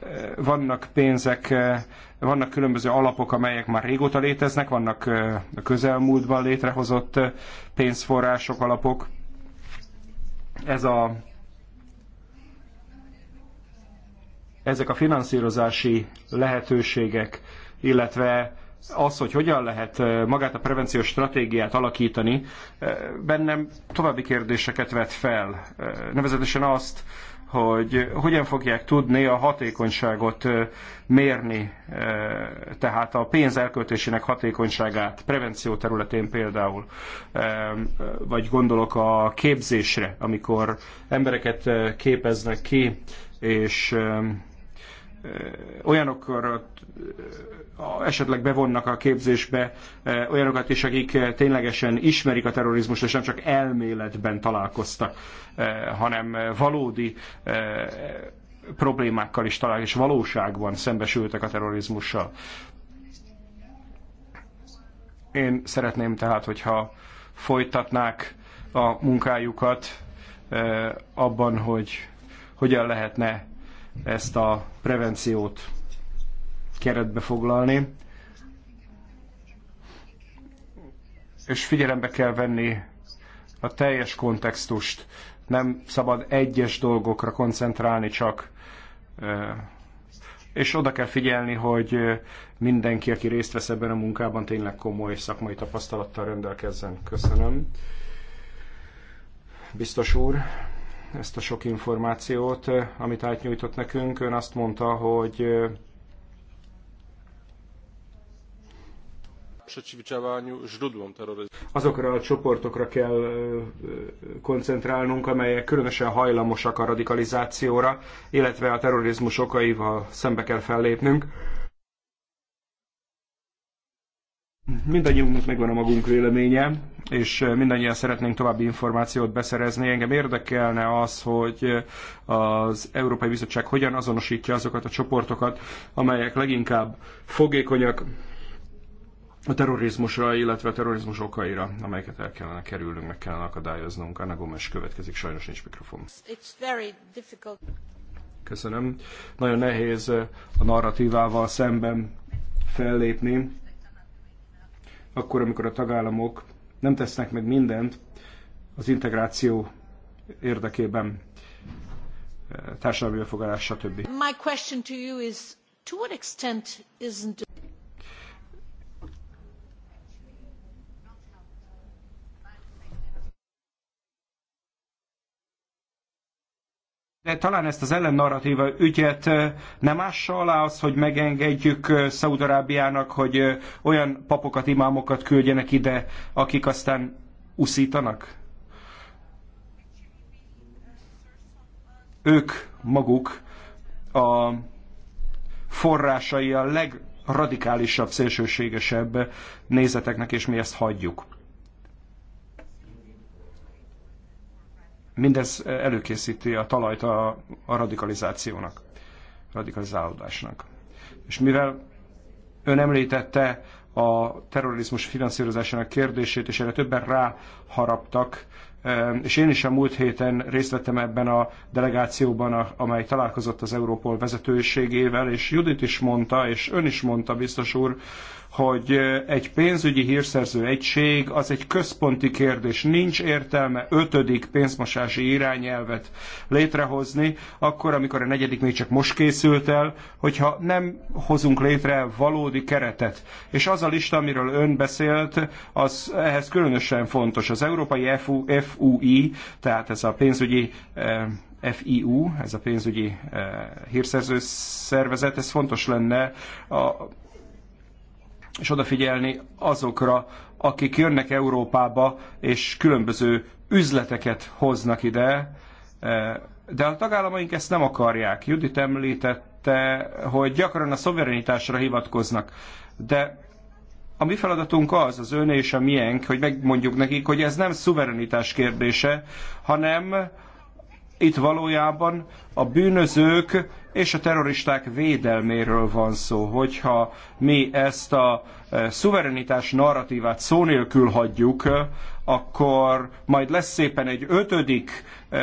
eh, vannak pénzek, eh, vannak különböző alapok, amelyek már régóta léteznek, vannak a közelmúltban létrehozott pénzforrások, alapok. Ez a, ezek a finanszírozási lehetőségek, illetve az, hogy hogyan lehet magát a prevenciós stratégiát alakítani, bennem további kérdéseket vet fel. Nevezetesen azt, hogy hogyan fogják tudni a hatékonyságot mérni, tehát a pénz elköltésének hatékonyságát, prevenció területén például, vagy gondolok a képzésre, amikor embereket képeznek ki, és olyanokat esetleg bevonnak a képzésbe e, olyanokat is, akik e, ténylegesen ismerik a terrorizmust, és nem csak elméletben találkoztak, e, hanem valódi problémákkal is talál, és valóságban szembesültek a terrorizmussal. Én szeretném tehát, hogyha folytatnák a munkájukat abban, hogy hogyan lehetne ezt a prevenciót keretbe foglalni. És figyelembe kell venni a teljes kontextust. Nem szabad egyes dolgokra koncentrálni csak és oda kell figyelni, hogy mindenki, aki részt vesz ebben a munkában, tényleg komoly szakmai tapasztalattal rendelkezzen. Köszönöm. Biztos úr, ezt a sok információt, amit átnyújtott nekünk, ön azt mondta, hogy przeciwdziałaniu źródłom terroryzmu. Azokra a csoportokra kell koncentrálnunk, amelyek különösen hajlamosak a radikalizációra, illetve a terrorizmus okaival szembe kell fellépnünk. Mindannyiunknak megvan a magunk véleménye, és mindannyian szeretnénk további információt beszerezni. Engem érdekelne az, hogy az Európai Bizottság hogyan azonosítja azokat a csoportokat, amelyek leginkább fogékonyak a terrorizmusra, illetve a terrorizmus okaira, amelyeket el kellene kerülnünk, meg kellene akadályoznunk. Anna Gomes következik, sajnos nincs mikrofon. Köszönöm. Nagyon nehéz eh, a narratívával szemben fellépni, akkor, amikor a tagállamok nem tesznek meg mindent az integráció érdekében, eh, társadalmi befogadás, stb. My question to you is, to what extent isn't De talán ezt az ellennarratíva ügyet nem ássa alá az, hogy megengedjük Szaudarábiának, hogy olyan papokat, imámokat küldjenek ide, akik aztán uszítanak? Ők maguk a forrásai a legradikálisabb, szélsőségesebb nézeteknek, és mi ezt hagyjuk. Mindez előkészíti a talajt a, a radikalizációnak, radikalizálódásnak. És mivel ön említette a terrorizmus finanszírozásának kérdését, és erre többen ráharaptak, e, és én is a múlt héten részt vettem ebben a delegációban, amely találkozott az Európol vezetőségével, és Judit is mondta, és ön is mondta, biztos úr, hogy egy pénzügyi hírszerző egység az egy központi kérdés. Nincs értelme ötödik pénzmosási irányelvet létrehozni, akkor, amikor a negyedik még csak most készült el, hogyha nem hozunk létre valódi keretet. És az a lista, amiről ön beszélt, az ehhez különösen fontos. Az Európai FUI, tehát ez a pénzügyi FIU, ez a pénzügyi hírszerző szervezet, ez fontos lenne a és odafigyelni azokra, akik jönnek Európába, és különböző üzleteket hoznak ide, e, de a tagállamaink ezt nem akarják. Judit említette, hogy gyakran a szoverenitásra hivatkoznak, de a mi feladatunk az, az ön és a miénk, hogy megmondjuk nekik, hogy ez nem szuverenitás kérdése, hanem itt valójában a bűnözők és a terroristák védelméről van szó. Hogyha mi ezt a e, szuverenitás narratívát szó nélkül hagyjuk, e, akkor majd lesz szépen egy ötödik e,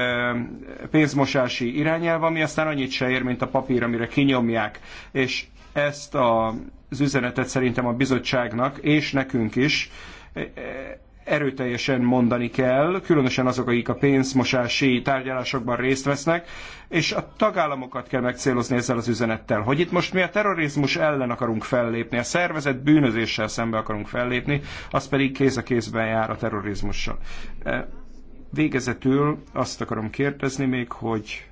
pénzmosási irányelv, ami aztán annyit se ér, mint a papír, amire kinyomják. És ezt az üzenetet szerintem a bizottságnak és nekünk is erőteljesen mondani kell, különösen azok, akik a pénzmosási tárgyalásokban részt vesznek, és a tagállamokat kell megcélozni ezzel az üzenettel, hogy itt most mi a terrorizmus ellen akarunk fellépni, a szervezet bűnözéssel szembe akarunk fellépni, az pedig kéz a kézben jár a terrorizmussal. Végezetül azt akarom kérdezni még, hogy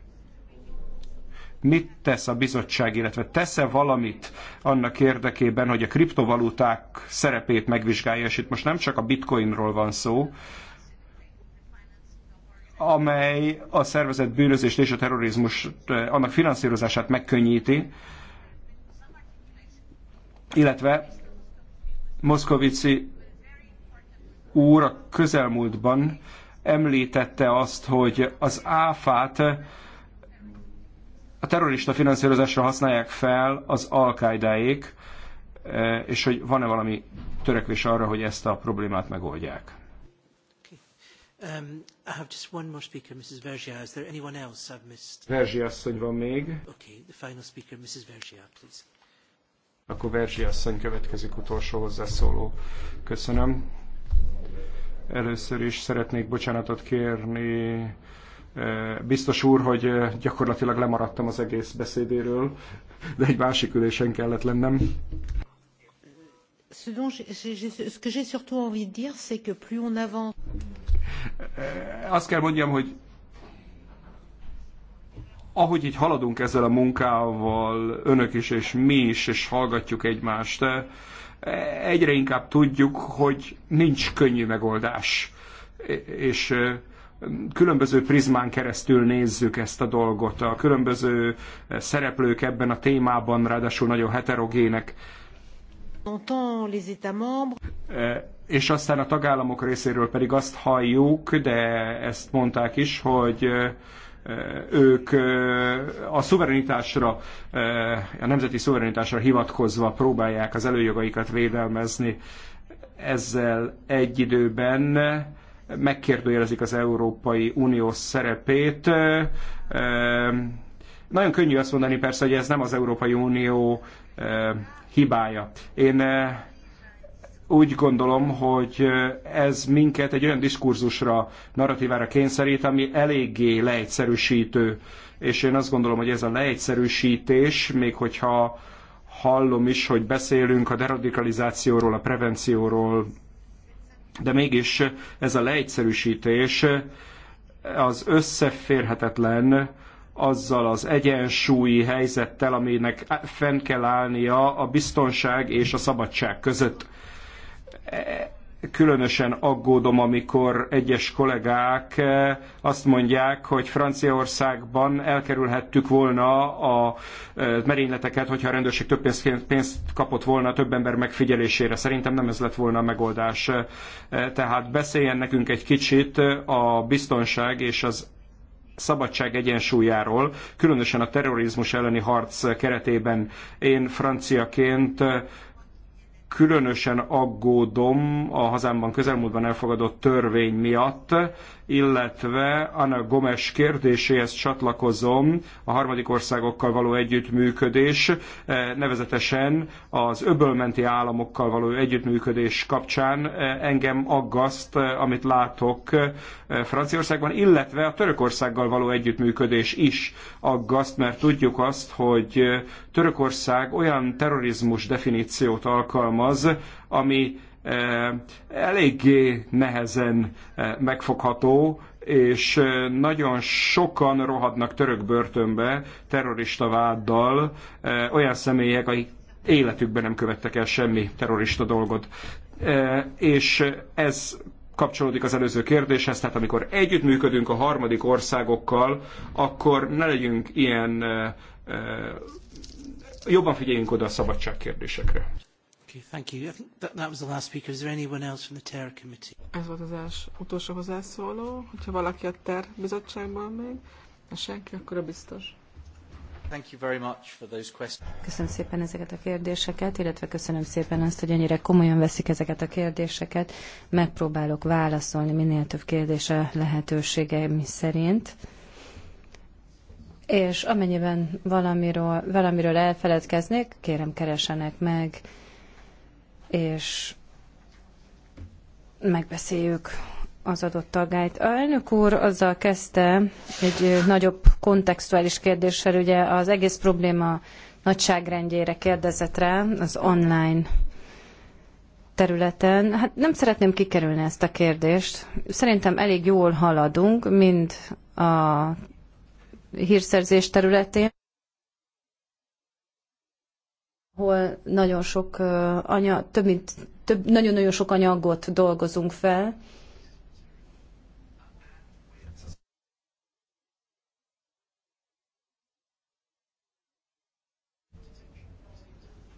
mit tesz a bizottság, illetve tesz-e valamit annak érdekében, hogy a kriptovaluták szerepét megvizsgálja, és itt most nem csak a bitcoinról van szó, amely a szervezett bűnözést és a terrorizmust, eh, annak finanszírozását megkönnyíti, illetve Moszkovici úr a közelmúltban említette azt, hogy az áfát a terrorista finanszírozásra használják fel az alkájdáék, e, és hogy van-e valami törekvés arra, hogy ezt a problémát megoldják. Um, I have just one more speaker, Mrs. Vergia. Is there anyone else I've missed? Vergia asszony van még. Okay, the final speaker, Mrs. Vergia, please. Akkor Vergia asszony következik utolsó hozzászóló. Köszönöm. Először is szeretnék bocsánatot kérni biztos úr, hogy gyakorlatilag lemaradtam az egész beszédéről, de egy másik ülésen kellett lennem. Azt kell mondjam, hogy ahogy így haladunk ezzel a munkával, önök is és mi is, és hallgatjuk egymást, egyre inkább tudjuk, hogy nincs könnyű megoldás. És különböző prizmán keresztül nézzük ezt a dolgot. A különböző szereplők ebben a témában ráadásul nagyon heterogének. Eh, és aztán a tagállamok részéről pedig azt halljuk, de ezt mondták is, hogy eh, ők eh, a szuverenitásra, a nemzeti szuverenitásra hivatkozva próbálják az előjogaikat védelmezni ezzel egy időben megkérdőjelezik az Európai Unió szerepét. Nagyon könnyű azt mondani persze, hogy ez nem az Európai Unió hibája. Én úgy gondolom, hogy ez minket egy olyan diskurzusra, narratívára kényszerít, ami eléggé leegyszerűsítő. És én azt gondolom, hogy ez a leegyszerűsítés, még hogyha hallom is, hogy beszélünk a deradikalizációról, a prevencióról, de mégis ez a leegyszerűsítés az összeférhetetlen azzal az egyensúlyi helyzettel, aminek fenn kell állnia a biztonság és a szabadság között különösen aggódom, amikor egyes kollégák eh, azt mondják, hogy Franciaországban elkerülhettük volna a eh, merényleteket, hogyha a rendőrség több pénzt kapott volna több ember megfigyelésére. Szerintem nem ez lett volna a megoldás. Eh, tehát beszéljen nekünk egy kicsit a biztonság és az szabadság egyensúlyáról, különösen a terrorizmus elleni harc keretében én franciaként különösen aggódom a hazámban közelmúltban elfogadott törvény miatt, illetve Anna Gomes kérdéséhez csatlakozom a harmadik országokkal való együttműködés, eh, nevezetesen az öbölmenti államokkal való együttműködés kapcsán eh, engem aggaszt, eh, amit látok Franciaországban, illetve a Törökországgal való együttműködés is aggaszt, mert tudjuk azt, hogy Törökország olyan terrorizmus definíciót alkalmaz, az, ami e, eléggé nehezen e, megfogható, és e, nagyon sokan rohadnak török börtönbe terrorista váddal olyan személyek, akik életükben nem követtek el semmi terrorista dolgot. És ez kapcsolódik az előző kérdéshez, tehát amikor együttműködünk a harmadik országokkal, akkor ne legyünk ilyen, jobban figyeljünk oda a szabadság kérdésekre. Okay, thank you. I think that, that was the last speaker. Is there anyone else from the TER committee? Ez volt az els, utolsó hozzászóló. Hogyha valaki a TER bizottságból még, senki, akkor a biztos. Köszönöm szépen ezeket a kérdéseket, illetve köszönöm szépen azt, hogy ennyire komolyan veszik ezeket a kérdéseket. Megpróbálok válaszolni minél több kérdése lehetőségeim szerint. És amennyiben valamiről, valamiről elfeledkeznék, kérem keresenek meg és megbeszéljük az adott tagályt. A elnök úr azzal kezdte egy nagyobb kontextuális kérdéssel, ugye az egész probléma nagyságrendjére kérdezett rá az online területen. Hát nem szeretném kikerülni ezt a kérdést. Szerintem elég jól haladunk, mind a hírszerzés területén, ahol nagyon sok anya, több mint több, nagyon-nagyon sok anyagot dolgozunk fel.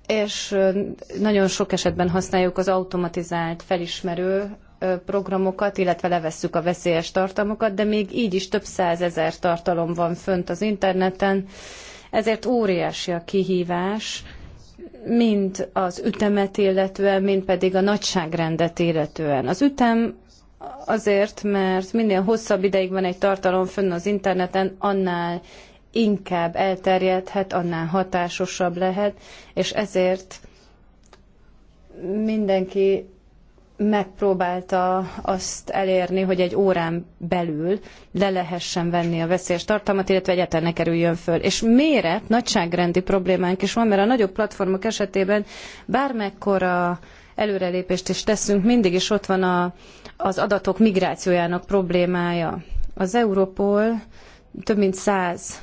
És nagyon sok esetben használjuk az automatizált felismerő programokat, illetve levesszük a veszélyes tartalmakat, de még így is több százezer tartalom van fönt az interneten, ezért óriási a kihívás, mind az ütemet illetően, mind pedig a nagyságrendet illetően. Az ütem azért, mert minél hosszabb ideig van egy tartalom fönn az interneten, annál inkább elterjedhet, annál hatásosabb lehet, és ezért mindenki megpróbálta azt elérni, hogy egy órán belül le lehessen venni a veszélyes tartalmat, illetve egyáltalán ne kerüljön föl. És méret, nagyságrendi problémánk is van, mert a nagyobb platformok esetében bármekkora előrelépést is teszünk, mindig is ott van a, az adatok migrációjának problémája. Az Europol több mint 100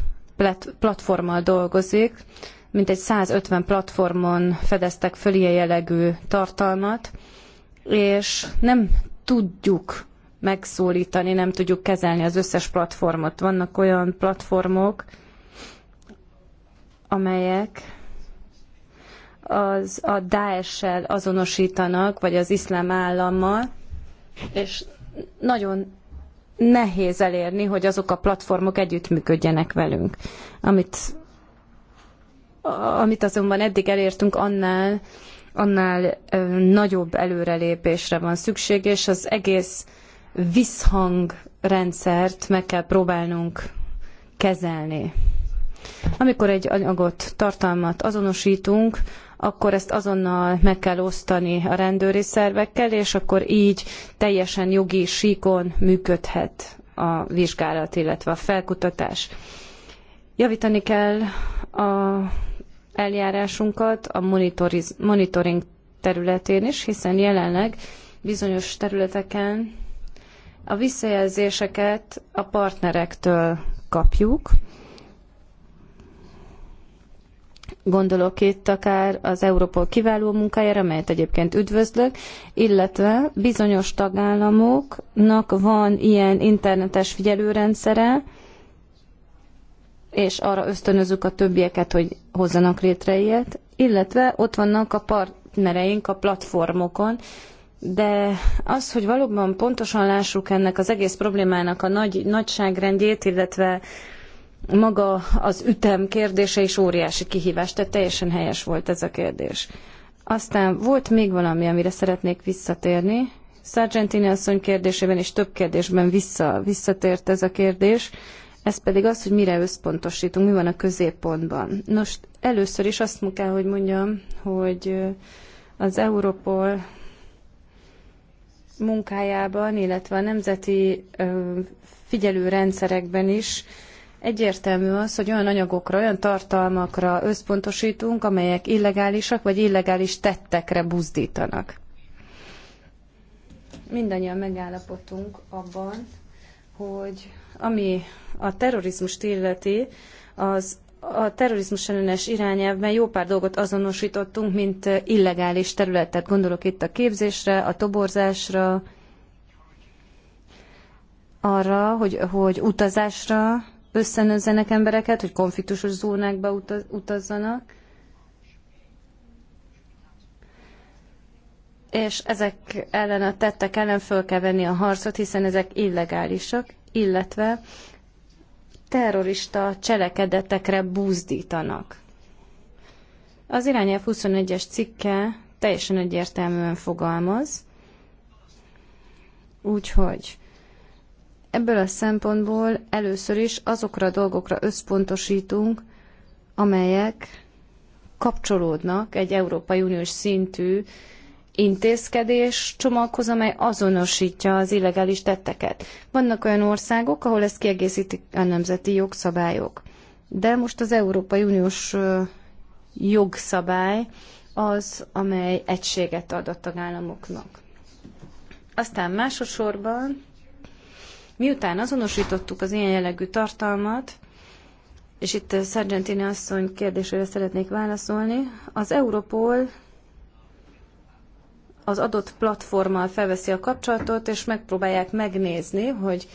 platformmal dolgozik, mintegy 150 platformon fedeztek föl ilyen jellegű tartalmat, és nem tudjuk megszólítani, nem tudjuk kezelni az összes platformot. Vannak olyan platformok, amelyek az a daesh azonosítanak, vagy az iszlám állammal, és nagyon nehéz elérni, hogy azok a platformok együttműködjenek velünk. Amit, amit azonban eddig elértünk, annál annál nagyobb előrelépésre van szükség, és az egész visszhangrendszert meg kell próbálnunk kezelni. Amikor egy anyagot, tartalmat azonosítunk, akkor ezt azonnal meg kell osztani a rendőri szervekkel, és akkor így teljesen jogi síkon működhet a vizsgálat, illetve a felkutatás. Javítani kell a eljárásunkat a monitoring területén is, hiszen jelenleg bizonyos területeken a visszajelzéseket a partnerektől kapjuk. Gondolok itt akár az Európol kiváló munkájára, amelyet egyébként üdvözlök, illetve bizonyos tagállamoknak van ilyen internetes figyelőrendszere, és arra ösztönözzük a többieket, hogy hozzanak létre ilyet, illetve ott vannak a partnereink a platformokon, de az, hogy valóban pontosan lássuk ennek az egész problémának a nagy, nagyságrendjét, illetve maga az ütem kérdése is óriási kihívás, tehát teljesen helyes volt ez a kérdés. Aztán volt még valami, amire szeretnék visszatérni. Sargentini asszony kérdésében és több kérdésben vissza, visszatért ez a kérdés ez pedig az, hogy mire összpontosítunk, mi van a középpontban. Nos, először is azt kell, hogy mondjam, hogy az Europol munkájában, illetve a nemzeti figyelőrendszerekben is egyértelmű az, hogy olyan anyagokra, olyan tartalmakra összpontosítunk, amelyek illegálisak vagy illegális tettekre buzdítanak. Mindannyian megállapodtunk abban, hogy ami a terrorizmust illeti, az a terrorizmus ellenes irányelvben jó pár dolgot azonosítottunk, mint illegális területet. Gondolok itt a képzésre, a toborzásra, arra, hogy, hogy utazásra összenőzzenek embereket, hogy konfliktusos zónákba utazzanak. És ezek ellen a tettek ellen föl kell venni a harcot, hiszen ezek illegálisak illetve terrorista cselekedetekre búzdítanak. Az irányelv 21-es cikke teljesen egyértelműen fogalmaz, úgyhogy ebből a szempontból először is azokra a dolgokra összpontosítunk, amelyek kapcsolódnak egy Európai Uniós szintű intézkedés csomaghoz, amely azonosítja az illegális tetteket. Vannak olyan országok, ahol ezt kiegészítik a nemzeti jogszabályok. De most az Európai Uniós jogszabály az, amely egységet ad a tagállamoknak. Aztán másosorban, miután azonosítottuk az ilyen jellegű tartalmat, és itt Sargentini asszony kérdésére szeretnék válaszolni, az Europol az adott platformmal felveszi a kapcsolatot, és megpróbálják megnézni, hogy,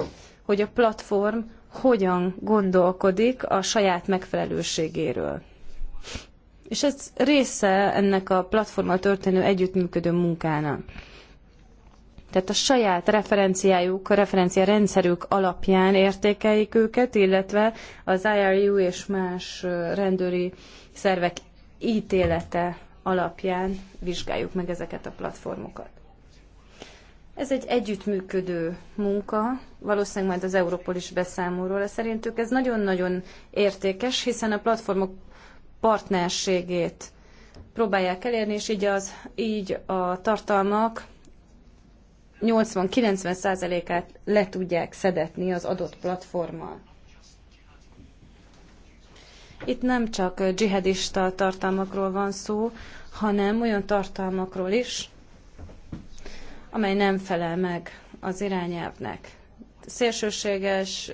hogy a platform hogyan gondolkodik a saját megfelelőségéről. És ez része ennek a platformmal történő együttműködő munkának. Tehát a saját referenciájuk, a referencia rendszerük alapján értékelik őket, illetve az IRU és más rendőri szervek ítélete alapján vizsgáljuk meg ezeket a platformokat. Ez egy együttműködő munka, valószínűleg majd az Európol is beszámol Szerintük ez nagyon-nagyon értékes, hiszen a platformok partnerségét próbálják elérni, és így, az, így a tartalmak 80 90 százalékát le tudják szedetni az adott platformmal. Itt nem csak dzsihadista tartalmakról van szó, hanem olyan tartalmakról is, amely nem felel meg az irányelvnek. Szélsőséges,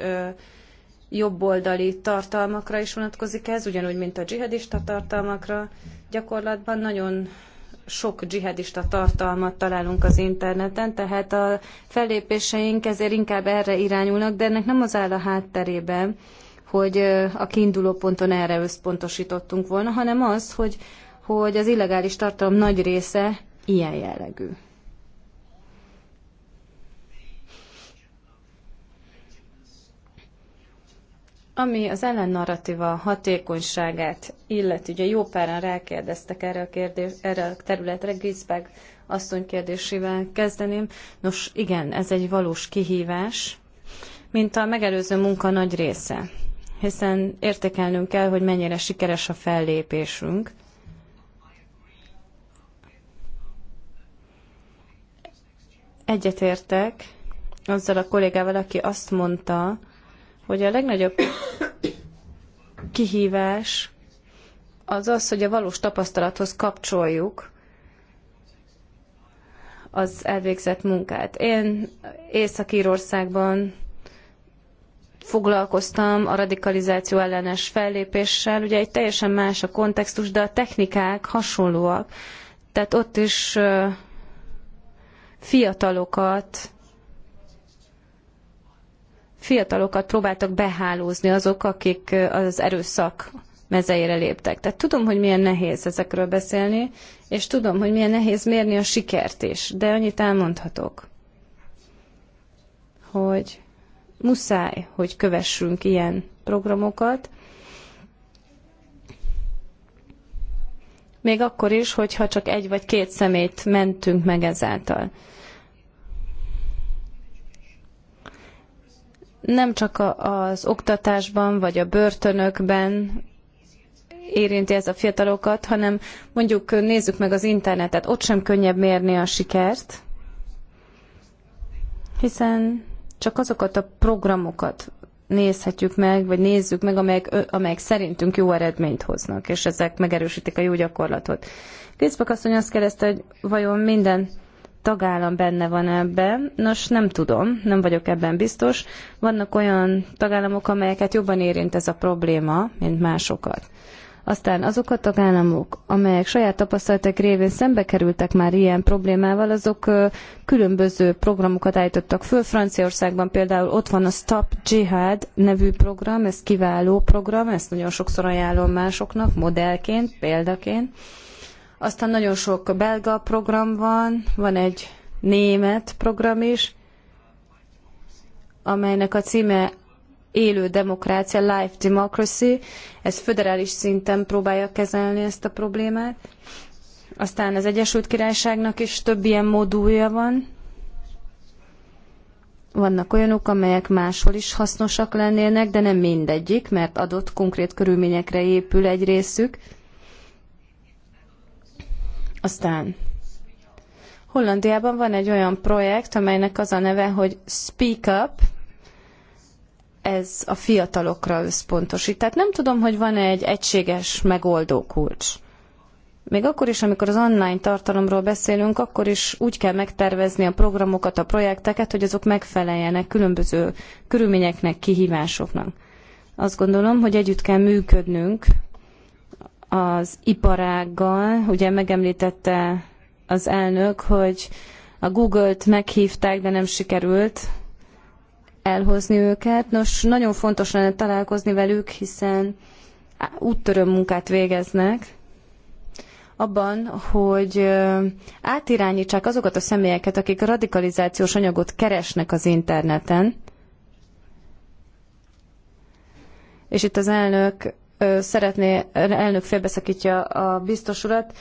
jobboldali tartalmakra is vonatkozik ez, ugyanúgy, mint a dzsihadista tartalmakra. Gyakorlatban nagyon sok dzsihadista tartalmat találunk az interneten, tehát a fellépéseink ezért inkább erre irányulnak, de ennek nem az áll a hátterében, hogy a kiinduló ponton erre összpontosítottunk volna, hanem az, hogy, hogy az illegális tartalom nagy része ilyen jellegű. Ami az ellennarratíva hatékonyságát illeti, ugye jó páran rákérdeztek erre a, kérdés, erre a területre, Gizbeg asszony kérdésével kezdeném. Nos, igen, ez egy valós kihívás, mint a megelőző munka nagy része hiszen értékelnünk kell, hogy mennyire sikeres a fellépésünk. Egyetértek azzal a kollégával, aki azt mondta, hogy a legnagyobb kihívás az az, hogy a valós tapasztalathoz kapcsoljuk az elvégzett munkát. Én Észak-Írországban foglalkoztam a radikalizáció ellenes fellépéssel. Ugye egy teljesen más a kontextus, de a technikák hasonlóak. Tehát ott is fiatalokat fiatalokat próbáltak behálózni azok, akik az erőszak mezeire léptek. Tehát tudom, hogy milyen nehéz ezekről beszélni, és tudom, hogy milyen nehéz mérni a sikert is, de annyit elmondhatok, hogy muszáj, hogy kövessünk ilyen programokat, még akkor is, hogyha csak egy vagy két szemét mentünk meg ezáltal. Nem csak az oktatásban vagy a börtönökben érinti ez a fiatalokat, hanem mondjuk nézzük meg az internetet, ott sem könnyebb mérni a sikert, hiszen csak azokat a programokat nézhetjük meg, vagy nézzük meg, amelyek, amelyek szerintünk jó eredményt hoznak, és ezek megerősítik a jó gyakorlatot. Griszbek asszony azt kérdezte, hogy vajon minden tagállam benne van ebben. Nos, nem tudom, nem vagyok ebben biztos. Vannak olyan tagállamok, amelyeket jobban érint ez a probléma, mint másokat. Aztán azok a tagállamok, amelyek saját tapasztalatok révén szembe kerültek már ilyen problémával, azok különböző programokat állítottak föl. Franciaországban például ott van a Stop Jihad nevű program, ez kiváló program, ezt nagyon sokszor ajánlom másoknak, modellként, példaként. Aztán nagyon sok belga program van, van egy német program is, amelynek a címe élő demokrácia, live democracy, ez föderális szinten próbálja kezelni ezt a problémát. Aztán az Egyesült Királyságnak is több ilyen modulja van. Vannak olyanok, amelyek máshol is hasznosak lennének, de nem mindegyik, mert adott konkrét körülményekre épül egy részük. Aztán Hollandiában van egy olyan projekt, amelynek az a neve, hogy Speak Up, ez a fiatalokra összpontosít. Tehát nem tudom, hogy van-e egy egységes megoldó kulcs. Még akkor is, amikor az online tartalomról beszélünk, akkor is úgy kell megtervezni a programokat, a projekteket, hogy azok megfeleljenek különböző körülményeknek, kihívásoknak. Azt gondolom, hogy együtt kell működnünk az iparággal. Ugye megemlítette az elnök, hogy a Google-t meghívták, de nem sikerült elhozni őket. Nos, nagyon fontos lenne találkozni velük, hiszen úttörő munkát végeznek abban, hogy átirányítsák azokat a személyeket, akik radikalizációs anyagot keresnek az interneten. És itt az elnök szeretné, elnök félbeszakítja a biztos urat,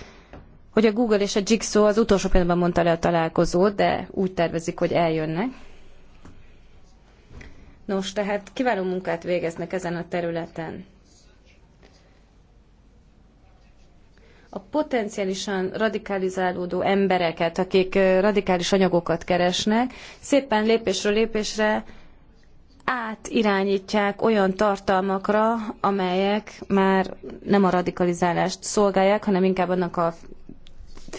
hogy a Google és a Jigsaw az utolsó pillanatban mondta le a találkozót, de úgy tervezik, hogy eljönnek. Nos, tehát kiváló munkát végeznek ezen a területen. a potenciálisan radikalizálódó embereket, akik radikális anyagokat keresnek, szépen lépésről lépésre átirányítják olyan tartalmakra, amelyek már nem a radikalizálást szolgálják, hanem inkább annak a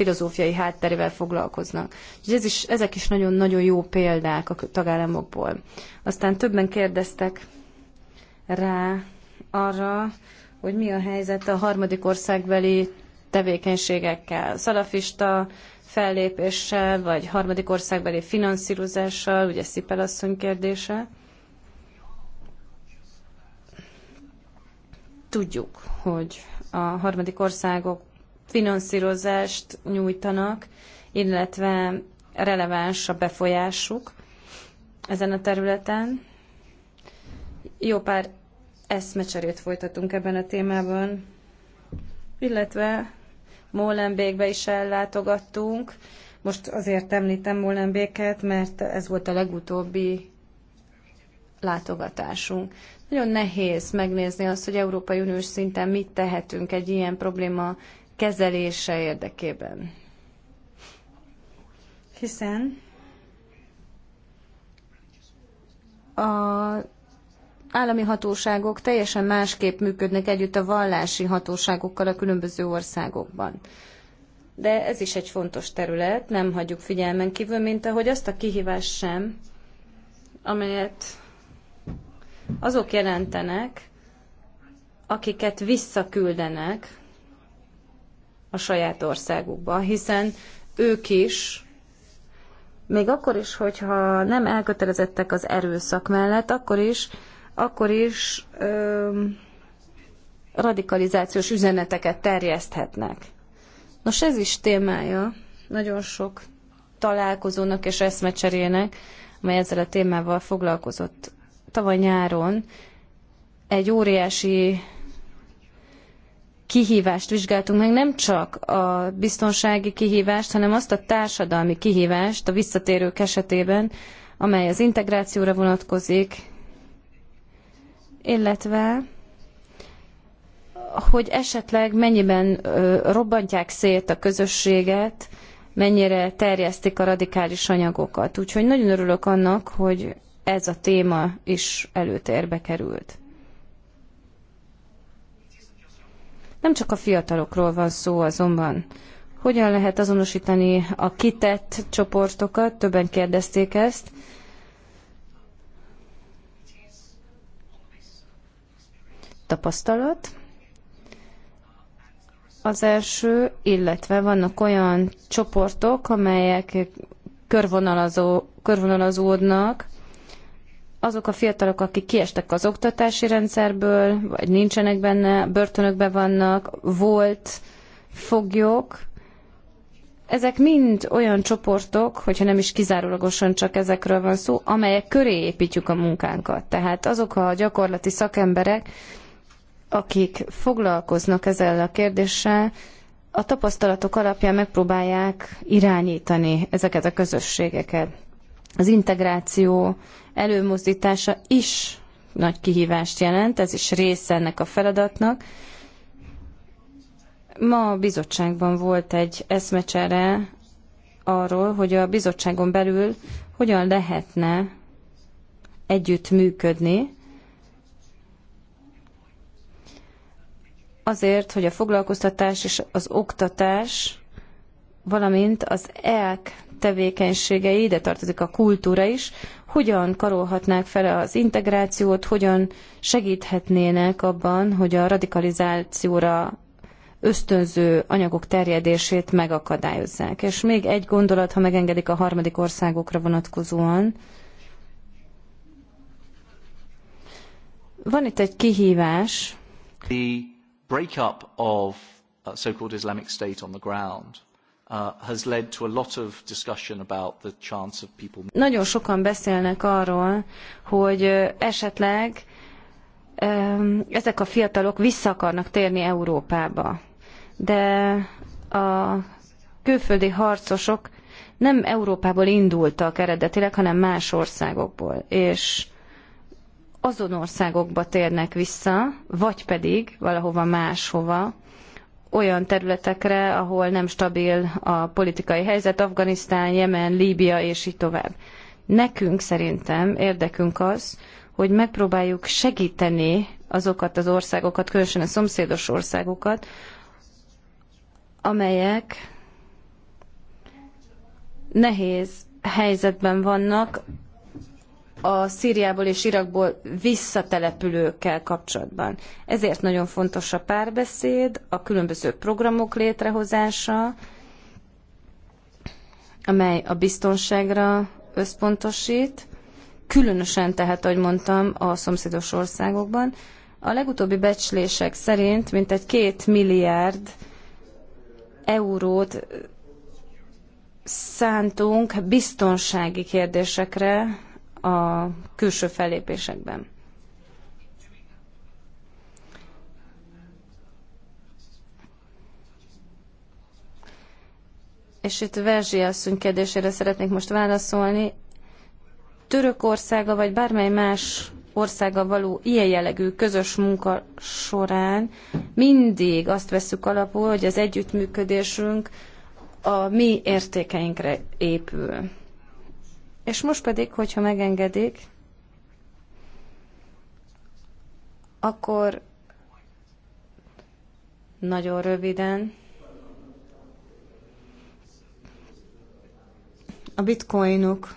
filozófiai hátterével foglalkoznak. Úgyhogy ez is, ezek is nagyon-nagyon jó példák a tagállamokból. Aztán többen kérdeztek rá arra, hogy mi a helyzet a harmadik országbeli tevékenységekkel, szalafista fellépéssel, vagy harmadik országbeli finanszírozással, ugye Szipel asszony kérdése. Tudjuk, hogy a harmadik országok finanszírozást nyújtanak, illetve releváns a befolyásuk ezen a területen. Jó pár eszmecserét folytatunk ebben a témában, illetve Molenbeekbe is ellátogattunk. Most azért említem Molenbéket, mert ez volt a legutóbbi látogatásunk. Nagyon nehéz megnézni azt, hogy Európai Uniós szinten mit tehetünk egy ilyen probléma kezelése érdekében. Hiszen a állami hatóságok teljesen másképp működnek együtt a vallási hatóságokkal a különböző országokban. De ez is egy fontos terület, nem hagyjuk figyelmen kívül, mint ahogy azt a kihívást sem, amelyet azok jelentenek, akiket visszaküldenek a saját országukba, hiszen ők is, még akkor is, hogyha nem elkötelezettek az erőszak mellett, akkor is, akkor is ö, radikalizációs üzeneteket terjeszthetnek. Nos, ez is témája nagyon sok találkozónak és eszmecserének, amely ezzel a témával foglalkozott tavaly nyáron. Egy óriási kihívást vizsgáltunk meg, nem csak a biztonsági kihívást, hanem azt a társadalmi kihívást a visszatérők esetében, amely az integrációra vonatkozik, illetve hogy esetleg mennyiben robbantják szét a közösséget, mennyire terjesztik a radikális anyagokat. Úgyhogy nagyon örülök annak, hogy ez a téma is előtérbe került. Nem csak a fiatalokról van szó azonban. Hogyan lehet azonosítani a kitett csoportokat? Többen kérdezték ezt. Tapasztalat. Az első, illetve vannak olyan csoportok, amelyek körvonalazó, körvonalazódnak, azok a fiatalok, akik kiestek az oktatási rendszerből, vagy nincsenek benne, börtönökben vannak, volt foglyok, ezek mind olyan csoportok, hogyha nem is kizárólagosan csak ezekről van szó, amelyek köré építjük a munkánkat. Tehát azok a gyakorlati szakemberek, akik foglalkoznak ezzel a kérdéssel, a tapasztalatok alapján megpróbálják irányítani ezeket a közösségeket az integráció előmozdítása is nagy kihívást jelent, ez is része ennek a feladatnak. Ma a bizottságban volt egy eszmecsere arról, hogy a bizottságon belül hogyan lehetne együtt működni, azért, hogy a foglalkoztatás és az oktatás, valamint az ELK tevékenységei, ide tartozik a kultúra is, hogyan karolhatnák fel az integrációt, hogyan segíthetnének abban, hogy a radikalizációra ösztönző anyagok terjedését megakadályozzák. És még egy gondolat, ha megengedik a harmadik országokra vonatkozóan. Van itt egy kihívás. The breakup of uh, so-called Islamic State on the ground Uh, has led to a lot of discussion about the chance of people. Nagyon sokan beszélnek arról, hogy esetleg ezek a fiatalok vissza akarnak térni Európába. De a külföldi harcosok nem Európából indultak eredetileg, hanem más országokból. És azon országokba térnek vissza, vagy pedig valahova máshova, olyan területekre, ahol nem stabil a politikai helyzet, Afganisztán, Jemen, Líbia és így tovább. Nekünk szerintem érdekünk az, hogy megpróbáljuk segíteni azokat az országokat, különösen a szomszédos országokat, amelyek nehéz helyzetben vannak, a Szíriából és Irakból visszatelepülőkkel kapcsolatban. Ezért nagyon fontos a párbeszéd, a különböző programok létrehozása, amely a biztonságra összpontosít, különösen tehát, ahogy mondtam, a szomszédos országokban. A legutóbbi becslések szerint mintegy két milliárd eurót szántunk biztonsági kérdésekre a külső fellépésekben. És itt Verzsi asszony kérdésére szeretnék most válaszolni. Törökországa vagy bármely más országa való ilyen jellegű közös munka során mindig azt vesszük alapul, hogy az együttműködésünk a mi értékeinkre épül. És most pedig, hogyha megengedik, akkor nagyon röviden a bitcoinok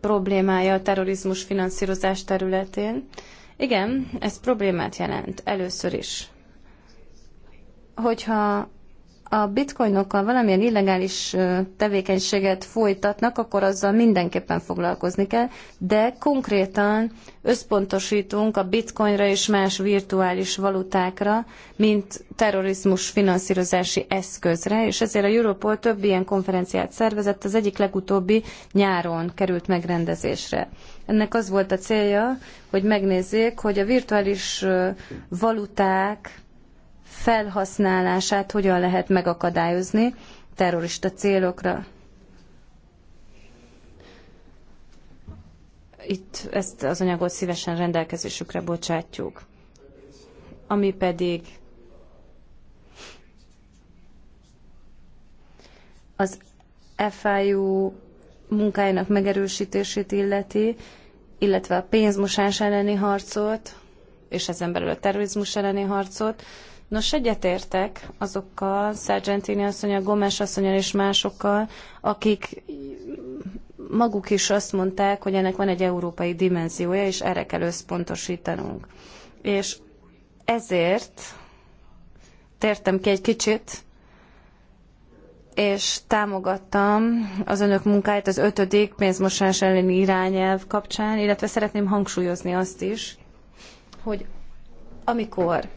problémája a terrorizmus finanszírozás területén. Igen, ez problémát jelent először is. Hogyha a bitcoinokkal valamilyen illegális tevékenységet folytatnak, akkor azzal mindenképpen foglalkozni kell, de konkrétan összpontosítunk a bitcoinra és más virtuális valutákra, mint terrorizmus finanszírozási eszközre, és ezért a Europol több ilyen konferenciát szervezett, az egyik legutóbbi nyáron került megrendezésre. Ennek az volt a célja, hogy megnézzék, hogy a virtuális valuták felhasználását hogyan lehet megakadályozni terrorista célokra. Itt ezt az anyagot szívesen rendelkezésükre bocsátjuk. Ami pedig az FIU munkájának megerősítését illeti, illetve a pénzmosás elleni harcot, és ezen belül a terrorizmus elleni harcot. Nos, egyetértek azokkal, Sargentini asszonya, Gomes asszonya és másokkal, akik maguk is azt mondták, hogy ennek van egy európai dimenziója, és erre kell összpontosítanunk. És ezért tértem ki egy kicsit, és támogattam az önök munkáját az ötödik pénzmosás elleni irányelv kapcsán, illetve szeretném hangsúlyozni azt is, hogy amikor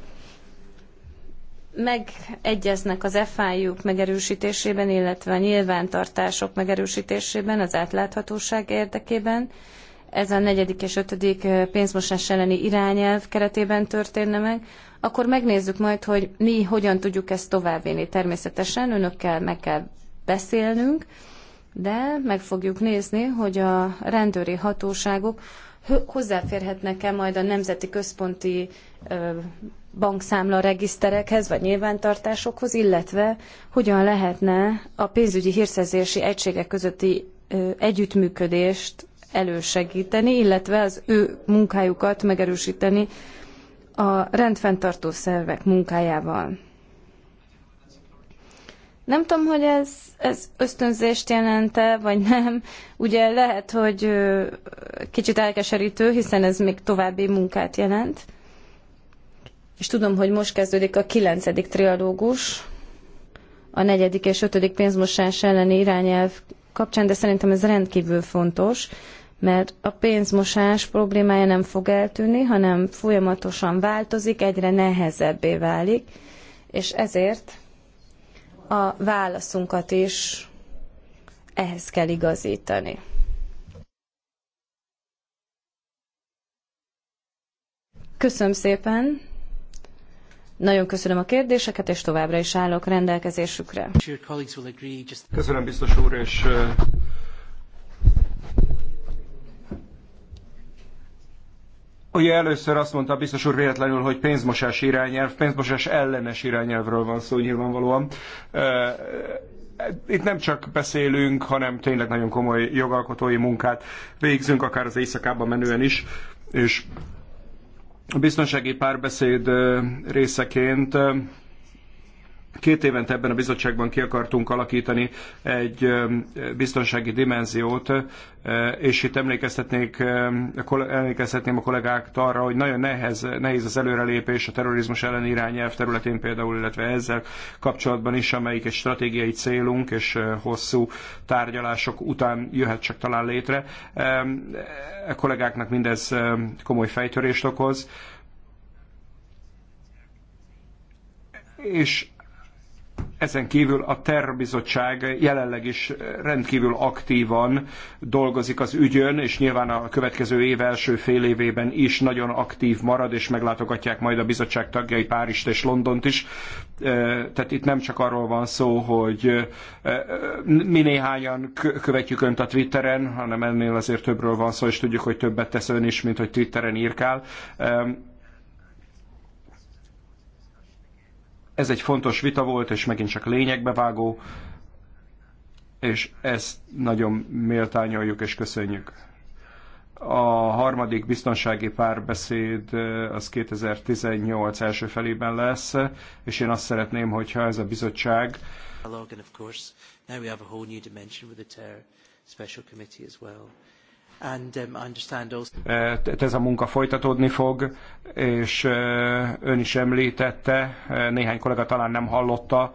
megegyeznek az FIU-k megerősítésében, illetve a nyilvántartások megerősítésében, az átláthatóság érdekében. Ez a negyedik és ötödik pénzmosás elleni irányelv keretében történne meg. Akkor megnézzük majd, hogy mi hogyan tudjuk ezt továbbvinni. Természetesen önökkel meg kell beszélnünk, de meg fogjuk nézni, hogy a rendőri hatóságok hozzáférhetnek-e majd a nemzeti központi bankszámla regiszterekhez vagy nyilvántartásokhoz, illetve hogyan lehetne a pénzügyi hírszerzési egységek közötti együttműködést elősegíteni, illetve az ő munkájukat megerősíteni a rendfenntartó szervek munkájával. Nem tudom, hogy ez, ez ösztönzést jelente, vagy nem. Ugye lehet, hogy kicsit elkeserítő, hiszen ez még további munkát jelent és tudom, hogy most kezdődik a kilencedik trialógus, a negyedik és ötödik pénzmosás elleni irányelv kapcsán, de szerintem ez rendkívül fontos, mert a pénzmosás problémája nem fog eltűnni, hanem folyamatosan változik, egyre nehezebbé válik, és ezért a válaszunkat is ehhez kell igazítani. Köszönöm szépen! Nagyon köszönöm a kérdéseket, és továbbra is állok rendelkezésükre. Köszönöm, biztos úr, és Ugye először azt mondta biztos úr véletlenül, hogy pénzmosás irányelv, pénzmosás ellenes irányelvről van szó nyilvánvalóan. Itt nem csak beszélünk, hanem tényleg nagyon komoly jogalkotói munkát végzünk, akár az éjszakában menően is, és a biztonsági párbeszéd részeként Két évente ebben a bizottságban ki akartunk alakítani egy biztonsági dimenziót, és itt emlékeztetnék, emlékeztetném a kollégákat arra, hogy nagyon nehez, nehéz az előrelépés a terrorizmus ellen irányelv területén például, illetve ezzel kapcsolatban is, amelyik egy stratégiai célunk, és hosszú tárgyalások után jöhet csak talán létre. A kollégáknak mindez komoly fejtörést okoz. És ezen kívül a terbizottság jelenleg is rendkívül aktívan dolgozik az ügyön, és nyilván a következő év első fél évében is nagyon aktív marad, és meglátogatják majd a bizottság tagjai Párizst és Londont is. Tehát itt nem csak arról van szó, hogy mi néhányan követjük önt a Twitteren, hanem ennél azért többről van szó, és tudjuk, hogy többet tesz ön is, mint hogy Twitteren írkál Ez egy fontos vita volt, és megint csak lényegbe vágó, és ezt nagyon méltányoljuk és köszönjük. A harmadik biztonsági párbeszéd az 2018 első felében lesz, és én azt szeretném, hogyha ez a bizottság Um, eh, ez a munka folytatódni fog, és eh, ön is említette, eh, néhány kollega talán nem hallotta,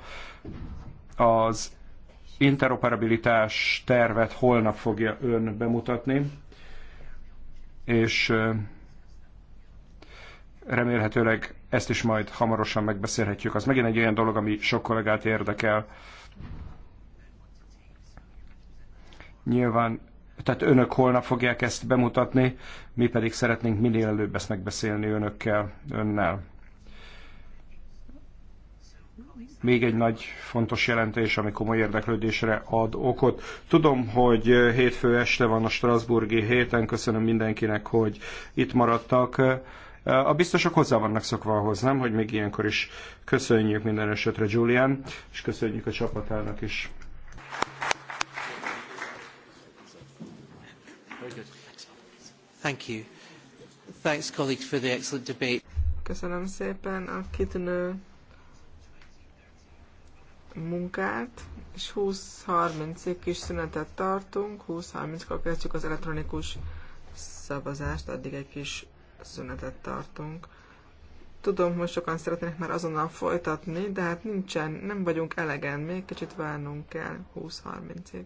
az interoperabilitás tervet holnap fogja ön bemutatni, és remélhetőleg ezt is majd hamarosan megbeszélhetjük. Az megint egy olyan dolog, ami sok kollégát érdekel. Nyilván tehát önök holnap fogják ezt bemutatni, mi pedig szeretnénk minél előbb ezt megbeszélni önökkel, önnel. Még egy nagy fontos jelentés, ami komoly érdeklődésre ad okot. Tudom, hogy hétfő este van a Strasburgi héten, köszönöm mindenkinek, hogy itt maradtak. A biztosok hozzá vannak szokva ahhoz, nem? Hogy még ilyenkor is köszönjük minden esetre Julian, és köszönjük a csapatának is. Thank you. Thanks, colleagues, for the excellent debate. Köszönöm szépen a kitűnő munkát, és 20-30-ig kis szünetet tartunk, 20-30-kor kezdjük az elektronikus szavazást, addig egy kis szünetet tartunk. Tudom, hogy sokan szeretnének már azonnal folytatni, de hát nincsen, nem vagyunk elegen, még kicsit várnunk kell 20-30-ig.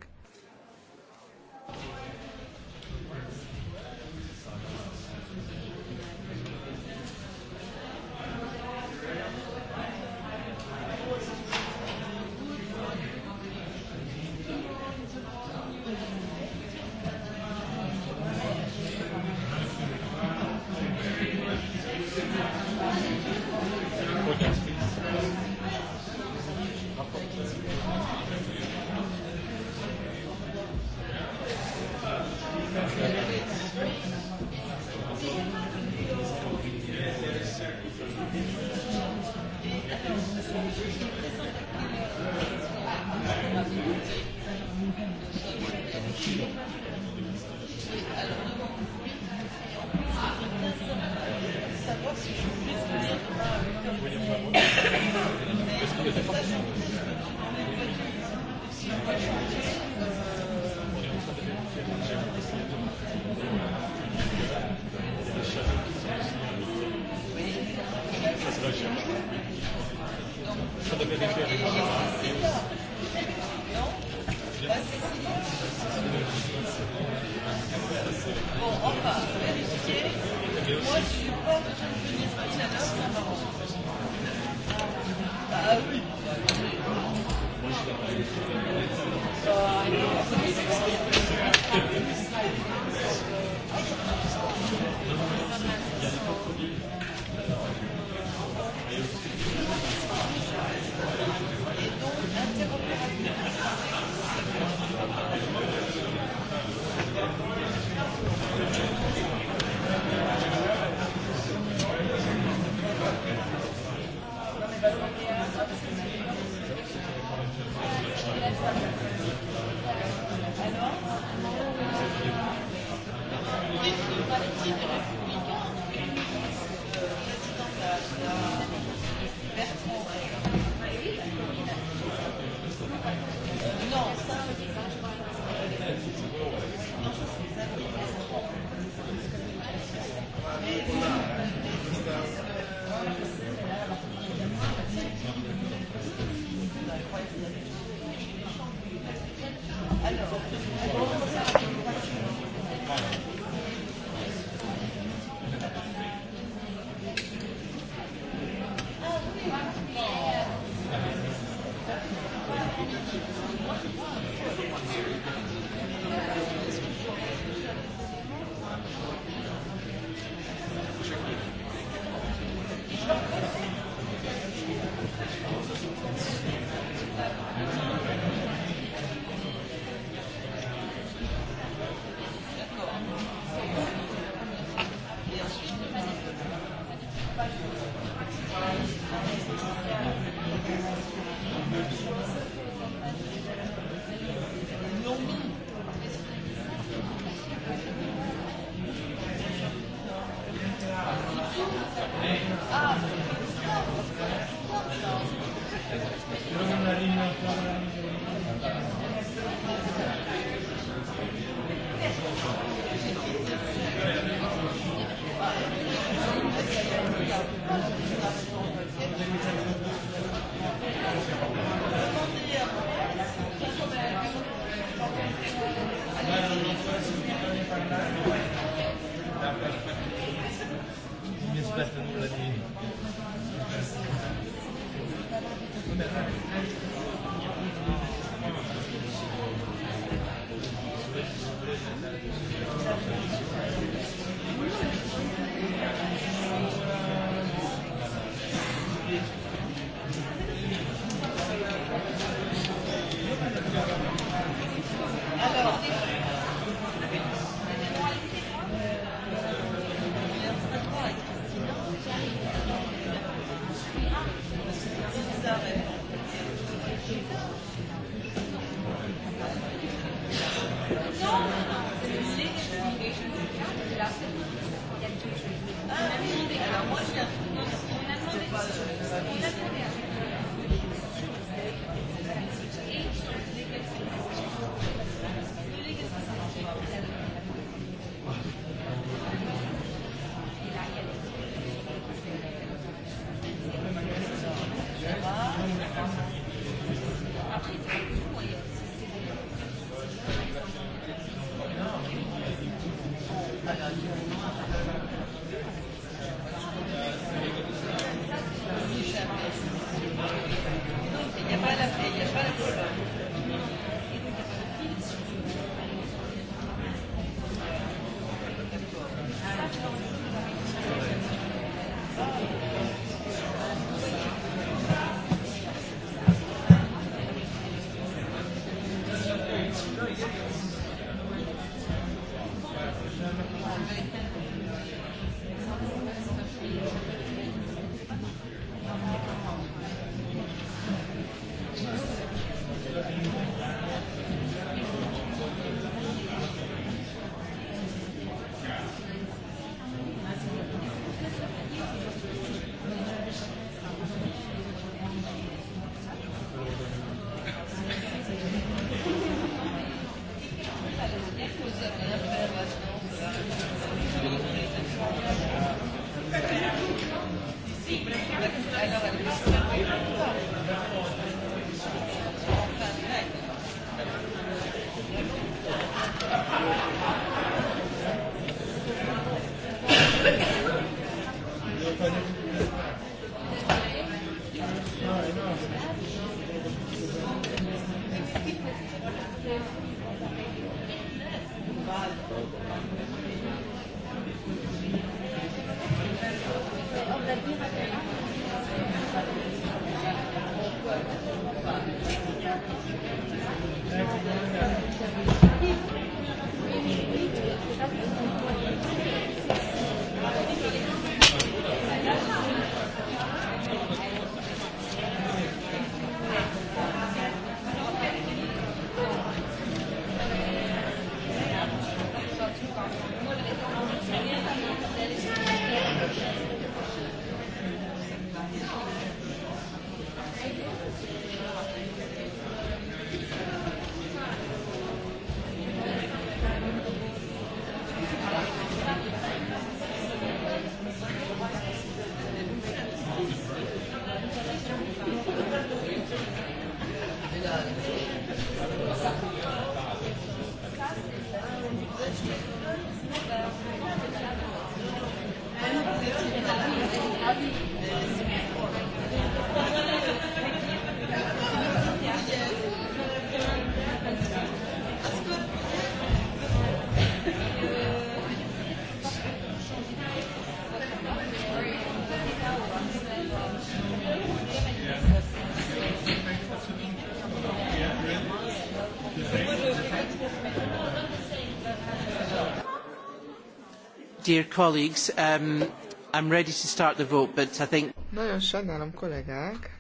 Dear colleagues, um, I'm ready to start the vote, but I think... Nagyon sajnálom, kollégák,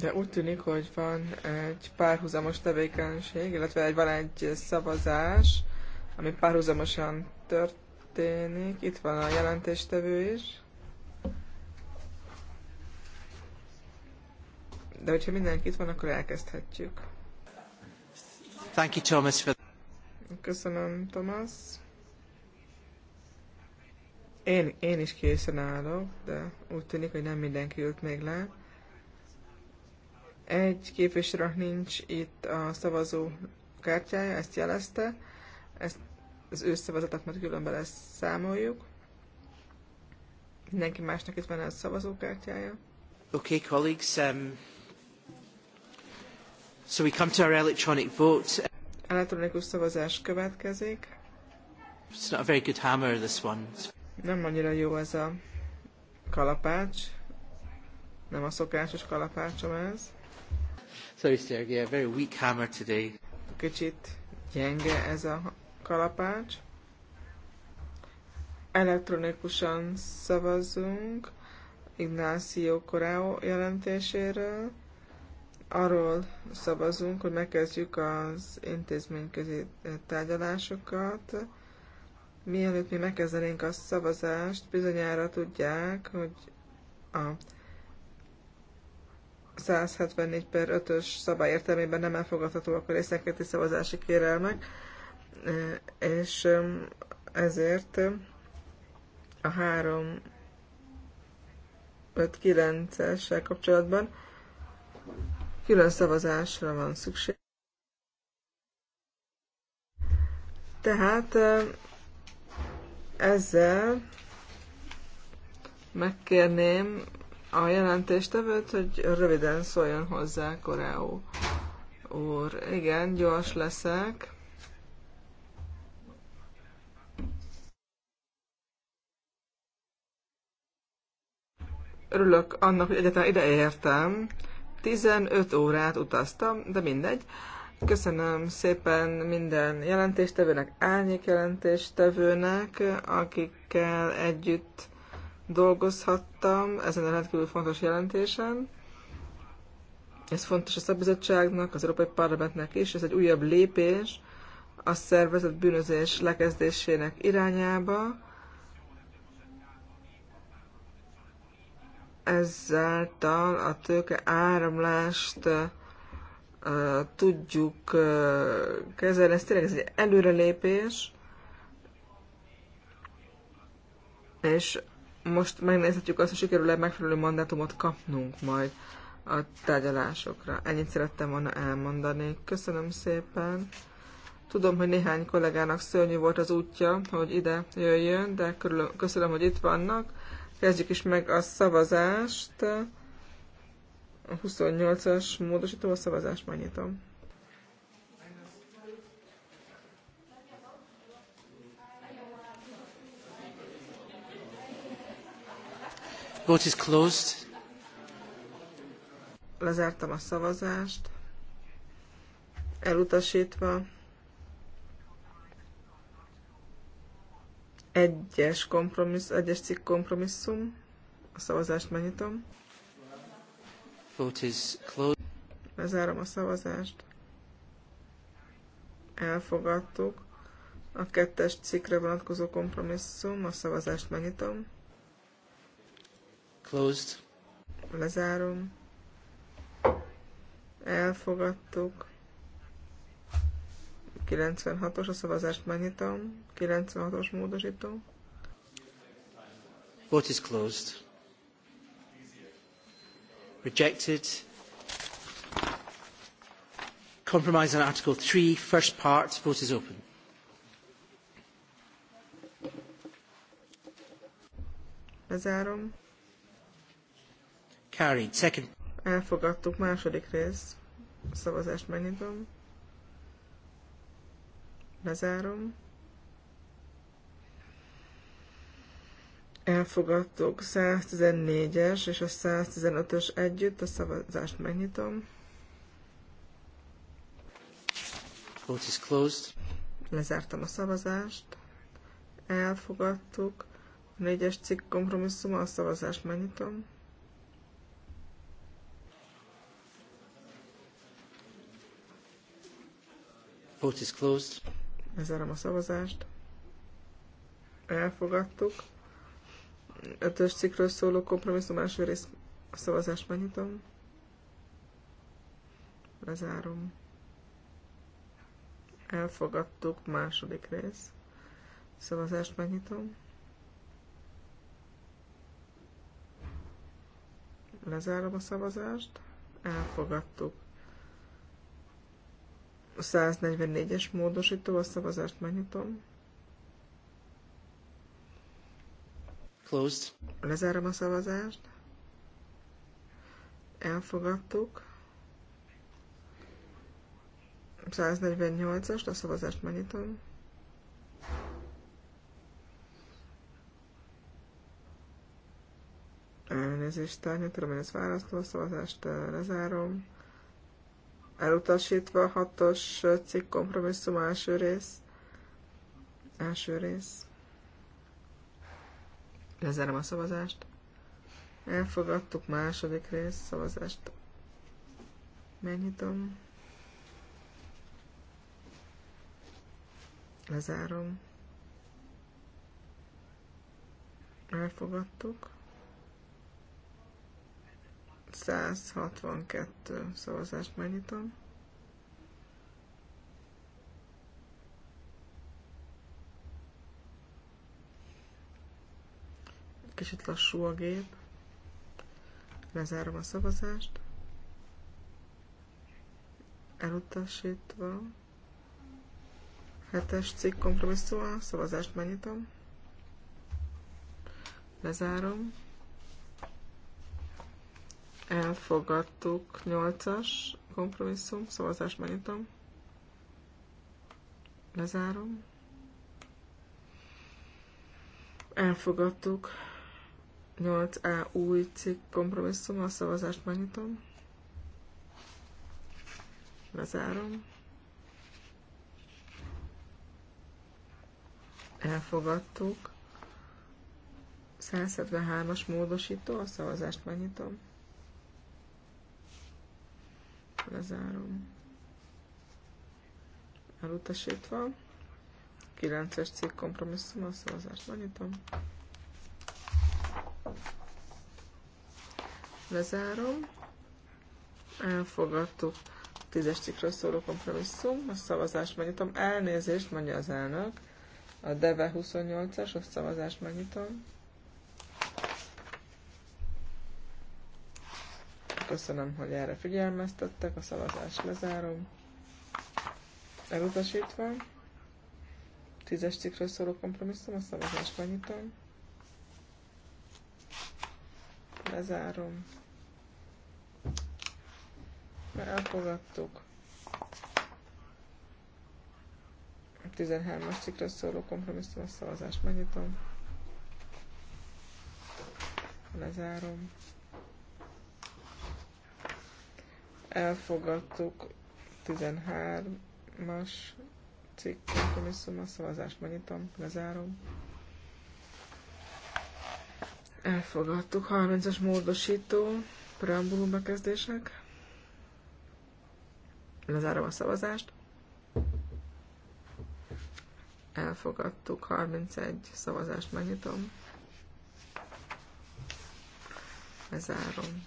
de úgy tűnik, hogy van egy párhuzamos tevékenység, illetve van egy szavazás, ami párhuzamosan történik. Itt van a jelentéstevő is. De hogyha mindenki itt van, akkor elkezdhetjük. Thank you, Thomas, for Köszönöm, Thomas. Én, én is készen állok, de úgy tűnik, hogy nem mindenki ült még le. Egy képviselőnek nincs itt a szavazó kártyája, ezt jelezte. Ezt az ő szavazatát majd különben lesz számoljuk. Mindenki másnak itt van a szavazókártyája. Okay, colleagues, um, so we come to our electronic vote. Elektronikus szavazás következik. It's not a very good hammer, this one. Nem annyira jó ez a kalapács. Nem a szokásos kalapácsom ez. Sorry, Sergey, a very weak hammer today. Kicsit gyenge ez a kalapács. Elektronikusan szavazunk Ignácio Corao jelentéséről arról szavazunk, hogy megkezdjük az intézményközi eh, tárgyalásokat. Mielőtt mi megkezdenénk a szavazást, bizonyára tudják, hogy a 174 per 5-ös szabály értelmében nem elfogadhatóak a részenkéti szavazási kérelmek, eh, és ezért a 3 5 9 kapcsolatban külön szavazásra van szükség. Tehát ezzel megkérném a jelentéstevőt, hogy röviden szóljon hozzá Koreó úr. Igen, gyors leszek. Örülök annak, hogy egyáltalán ide értem, 15 órát utaztam, de mindegy. Köszönöm szépen minden jelentéstevőnek, árnyék jelentéstevőnek, akikkel együtt dolgozhattam ezen a rendkívül fontos jelentésen. Ez fontos a szabizottságnak, az Európai Parlamentnek is, ez egy újabb lépés a szervezet bűnözés lekezdésének irányába ezáltal a tőke áramlást tudjuk kezelni. Ez tényleg ez egy előrelépés, és most megnézhetjük azt, hogy sikerül-e megfelelő mandátumot kapnunk majd a tárgyalásokra. Ennyit szerettem volna elmondani. Köszönöm szépen. Tudom, hogy néhány kollégának szörnyű volt az útja, hogy ide jöjjön, de köszönöm, hogy itt vannak. Kezdjük is meg a szavazást. A 28-as módosító a szavazást nyitom. Vote is closed. Lezártam a szavazást. Elutasítva. Egyes kompromissz, egyes cikk kompromisszum. A szavazást megnyitom. Vote is closed. Lezárom a szavazást. Elfogadtuk. A kettes cikkre vonatkozó kompromisszum. A szavazást megnyitom. Closed. Lezárom. Elfogadtuk. 96-os, a szavazást megnyitom. 96-os módosító. Vote is closed. Rejected. Compromise on Article 3, first part, vote is open. Lezárom. Carried. Second. Elfogadtuk második rész. Szavazást megnyitom. Lezárom. Elfogadtuk 114-es és a 115-ös együtt. A szavazást megnyitom. Vote is closed. Lezártam a szavazást. Elfogadtuk. A 4-es cikk kompromisszuma. A szavazást megnyitom. Vote is closed. Lezárom a szavazást. Elfogadtuk. Ötös cikkről szóló kompromisszum első rész a szavazást megnyitom. Lezárom. Elfogadtuk második rész. Szavazást megnyitom. Lezárom a szavazást. Elfogadtuk. A 144-es módosító, a szavazást megnyitom. Closed. Lezárom a szavazást. Elfogadtuk. 148-ast, a szavazást megnyitom. Elnézést, tárgyat, tudom, hogy ezt választó, a szavazást lezárom elutasítva, hatos cikk kompromisszum első rész. Első rész. Lezárom a szavazást. Elfogadtuk második rész szavazást. Megnyitom. Lezárom. Elfogadtuk. 162 szavazást megnyitom. Kicsit lassú a gép. Lezárom a szavazást. Elutasítva. Hetes cikk kompromisszum, szavazást megnyitom. Lezárom elfogadtuk Nyolcas kompromisszum, szavazást megnyitom, lezárom, elfogadtuk 8A új cikk kompromisszum, a szavazást megnyitom, lezárom, elfogadtuk 173-as módosító, a szavazást megnyitom lezárom. Elutasítva. 9-es cikk kompromisszum, a szavazást megnyitom. Lezárom. Elfogadtuk. 10-es cikkről szóló kompromisszum, a szavazást megnyitom. Elnézést, mondja az elnök. A DEVE 28-as, a szavazást megnyitom. Köszönöm, hogy erre figyelmeztettek. A szavazást lezárom. Elutasítva. Tízes cikkről szóló kompromisszum. A szavazást nyitom. Lezárom. Mert elfogadtuk. 13-as cikkről szóló kompromisszum, a szavazást megnyitom. Lezárom. elfogadtuk 13-as cikk kompromisszum, a szavazást megnyitom, lezárom. Elfogadtuk 30-as módosító, preambulum bekezdések. Lezárom a szavazást. Elfogadtuk 31 szavazást megnyitom. Lezárom.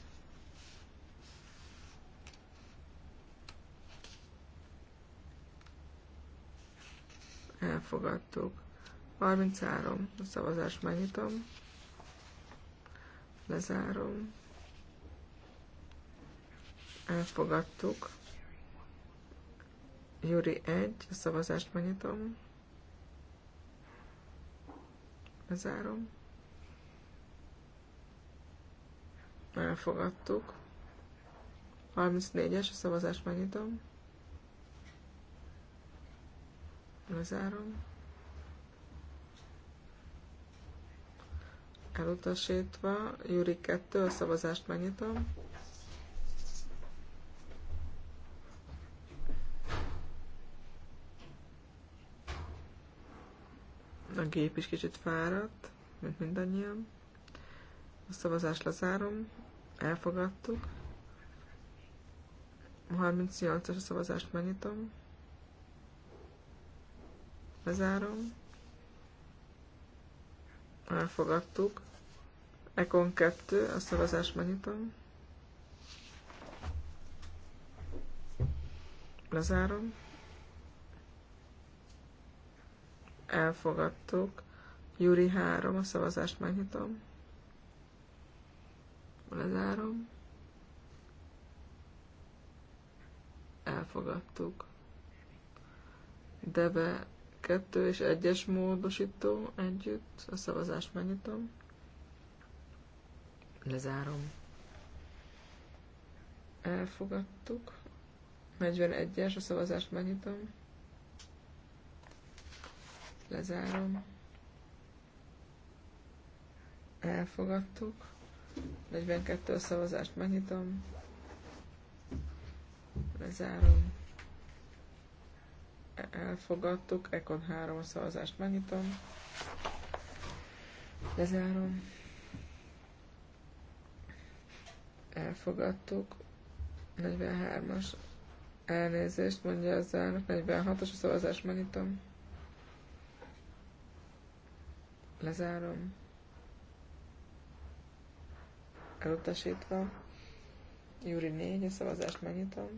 elfogadtuk. 33. A szavazást megnyitom. Lezárom. Elfogadtuk. Júri 1. A szavazást megnyitom. Lezárom. Elfogadtuk. 34-es. A szavazást megnyitom. Lezárom. Elutasítva. Júri 2. A szavazást megnyitom. A gép is kicsit fáradt, mint mindannyian. A szavazást lezárom. Elfogadtuk. 38-as a szavazást megnyitom. Lezárom. Elfogadtuk. Ekon 2, a szavazás megnyitom. Lezárom. Elfogadtuk. Júri 3, a szavazást megnyitom. Lezárom. Elfogadtuk. Debe kettő és egyes módosító együtt. A szavazást megnyitom. Lezárom. Elfogadtuk. 41-es, a szavazást megnyitom. Lezárom. Elfogadtuk. 42 a szavazást megnyitom. Lezárom elfogadtuk, Ekon 3 szavazást megnyitom, lezárom, elfogadtuk, 43-as elnézést mondja az elnök, 46 as a szavazást megnyitom, lezárom, elutasítva, Júri 4, a szavazást megnyitom,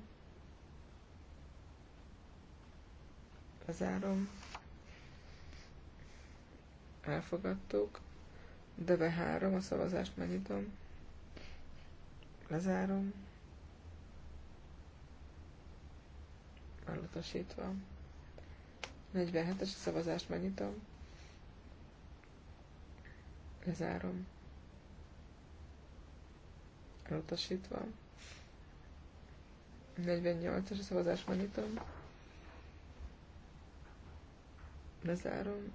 Lezárom. Elfogadtuk. Deve 3, a szavazást megnyitom. Lezárom. Elutasítva. 47-es a szavazást megnyitom. Lezárom. Elutasítva. 48 es a szavazást megnyitom. Lezárom.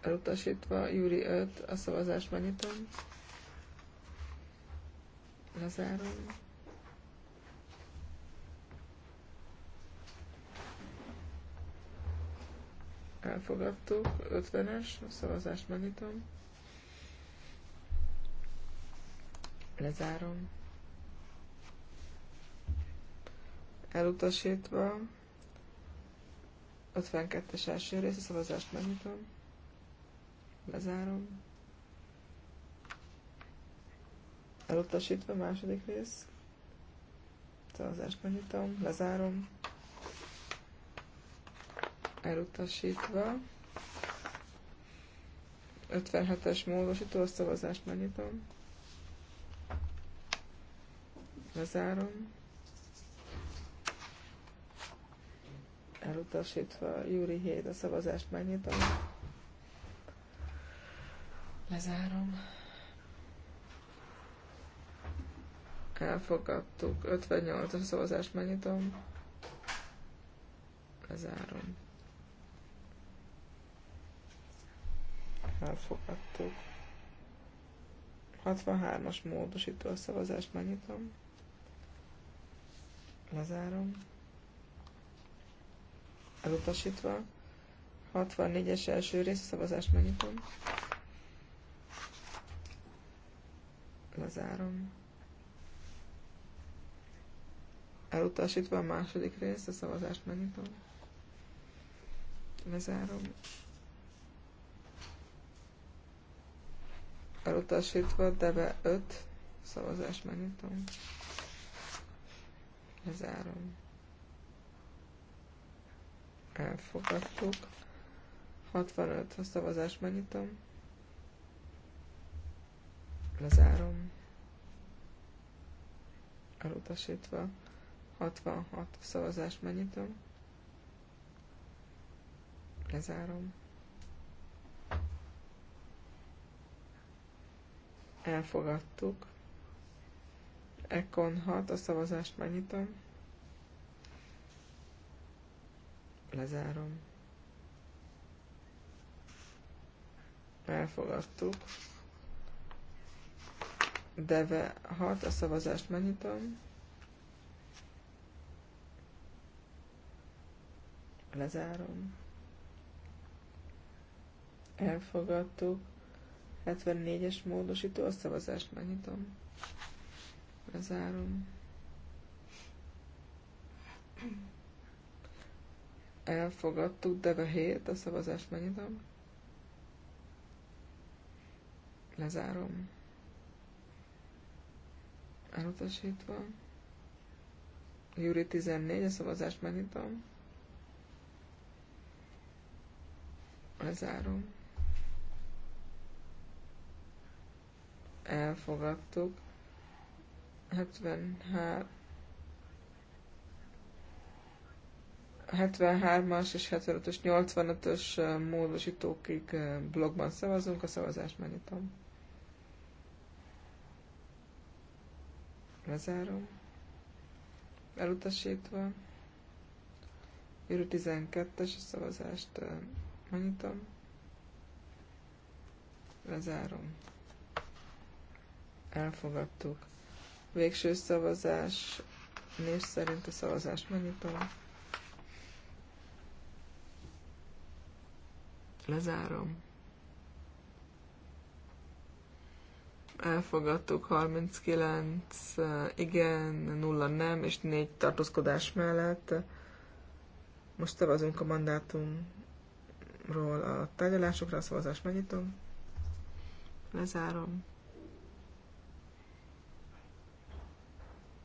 Elutasítva, Júri 5, a szavazást megnyitom. Lezárom. Elfogadtuk, 50-es, a szavazást megnyitom. Lezárom. Elutasítva, 52-es első rész, a szavazást megnyitom. Lezárom. Elutasítva második rész. Szavazást megnyitom, lezárom. Elutasítva. 57-es módosító, a szavazást megnyitom. Lezárom. elutasítva. Júri 7, a szavazást megnyitom. Lezárom. Elfogadtuk. 58 a szavazást megnyitom. Lezárom. Elfogadtuk. 63-as módosító a szavazást megnyitom. Lezárom elutasítva. 64-es első rész, szavazást megnyitom. Lezárom. Elutasítva a második rész, a szavazást megnyitom. Lezárom. Elutasítva, deve 5, szavazást megnyitom. Lezárom elfogadtuk. 65 a szavazást megnyitom. Lezárom. Elutasítva. 66 a szavazást megnyitom. Lezárom. Elfogadtuk. Ekon 6 a szavazást megnyitom. Lezárom. Elfogadtuk. Deve 6, a szavazást megnyitom. Lezárom. Elfogadtuk. 74-es módosító, a szavazást megnyitom. Lezárom elfogadtuk, de a 7, a szavazást megnyitom. Lezárom. Elutasítva. Júri 14, a szavazást megnyitom. Lezárom. Elfogadtuk. 73, 73-as és 75-ös, 85-ös módosítókig blogban szavazunk, a szavazást megnyitom. Lezárom. Elutasítva. Jövő 12-es a szavazást megnyitom. Lezárom. Elfogadtuk. Végső szavazás. Név szerint a szavazást megnyitom. Lezárom. Elfogadtuk 39, eh, igen, 0 nem, és 4 tartózkodás mellett. Most szavazunk a mandátumról a tárgyalásokra, a szavazást megnyitom. Lezárom.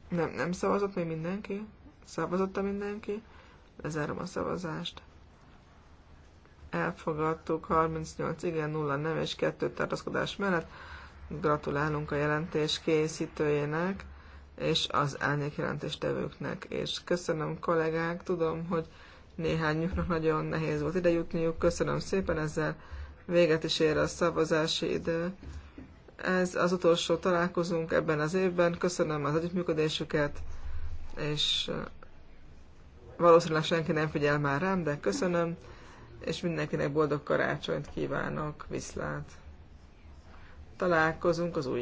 Nem, nem szavazott még mindenki? Szavazott mindenki? Lezárom a szavazást elfogadtuk 38 igen, 0 nem és 2 tartózkodás mellett. Gratulálunk a jelentés készítőjének és az árnyék jelentéstevőknek. És köszönöm kollégák, tudom, hogy néhányuknak nagyon nehéz volt idejutniuk. Köszönöm szépen, ezzel véget is ér a szavazási idő. Ez az utolsó találkozunk ebben az évben. Köszönöm az együttműködésüket, és valószínűleg senki nem figyel már rám, de köszönöm és mindenkinek boldog karácsonyt kívánok, viszlát! Találkozunk az új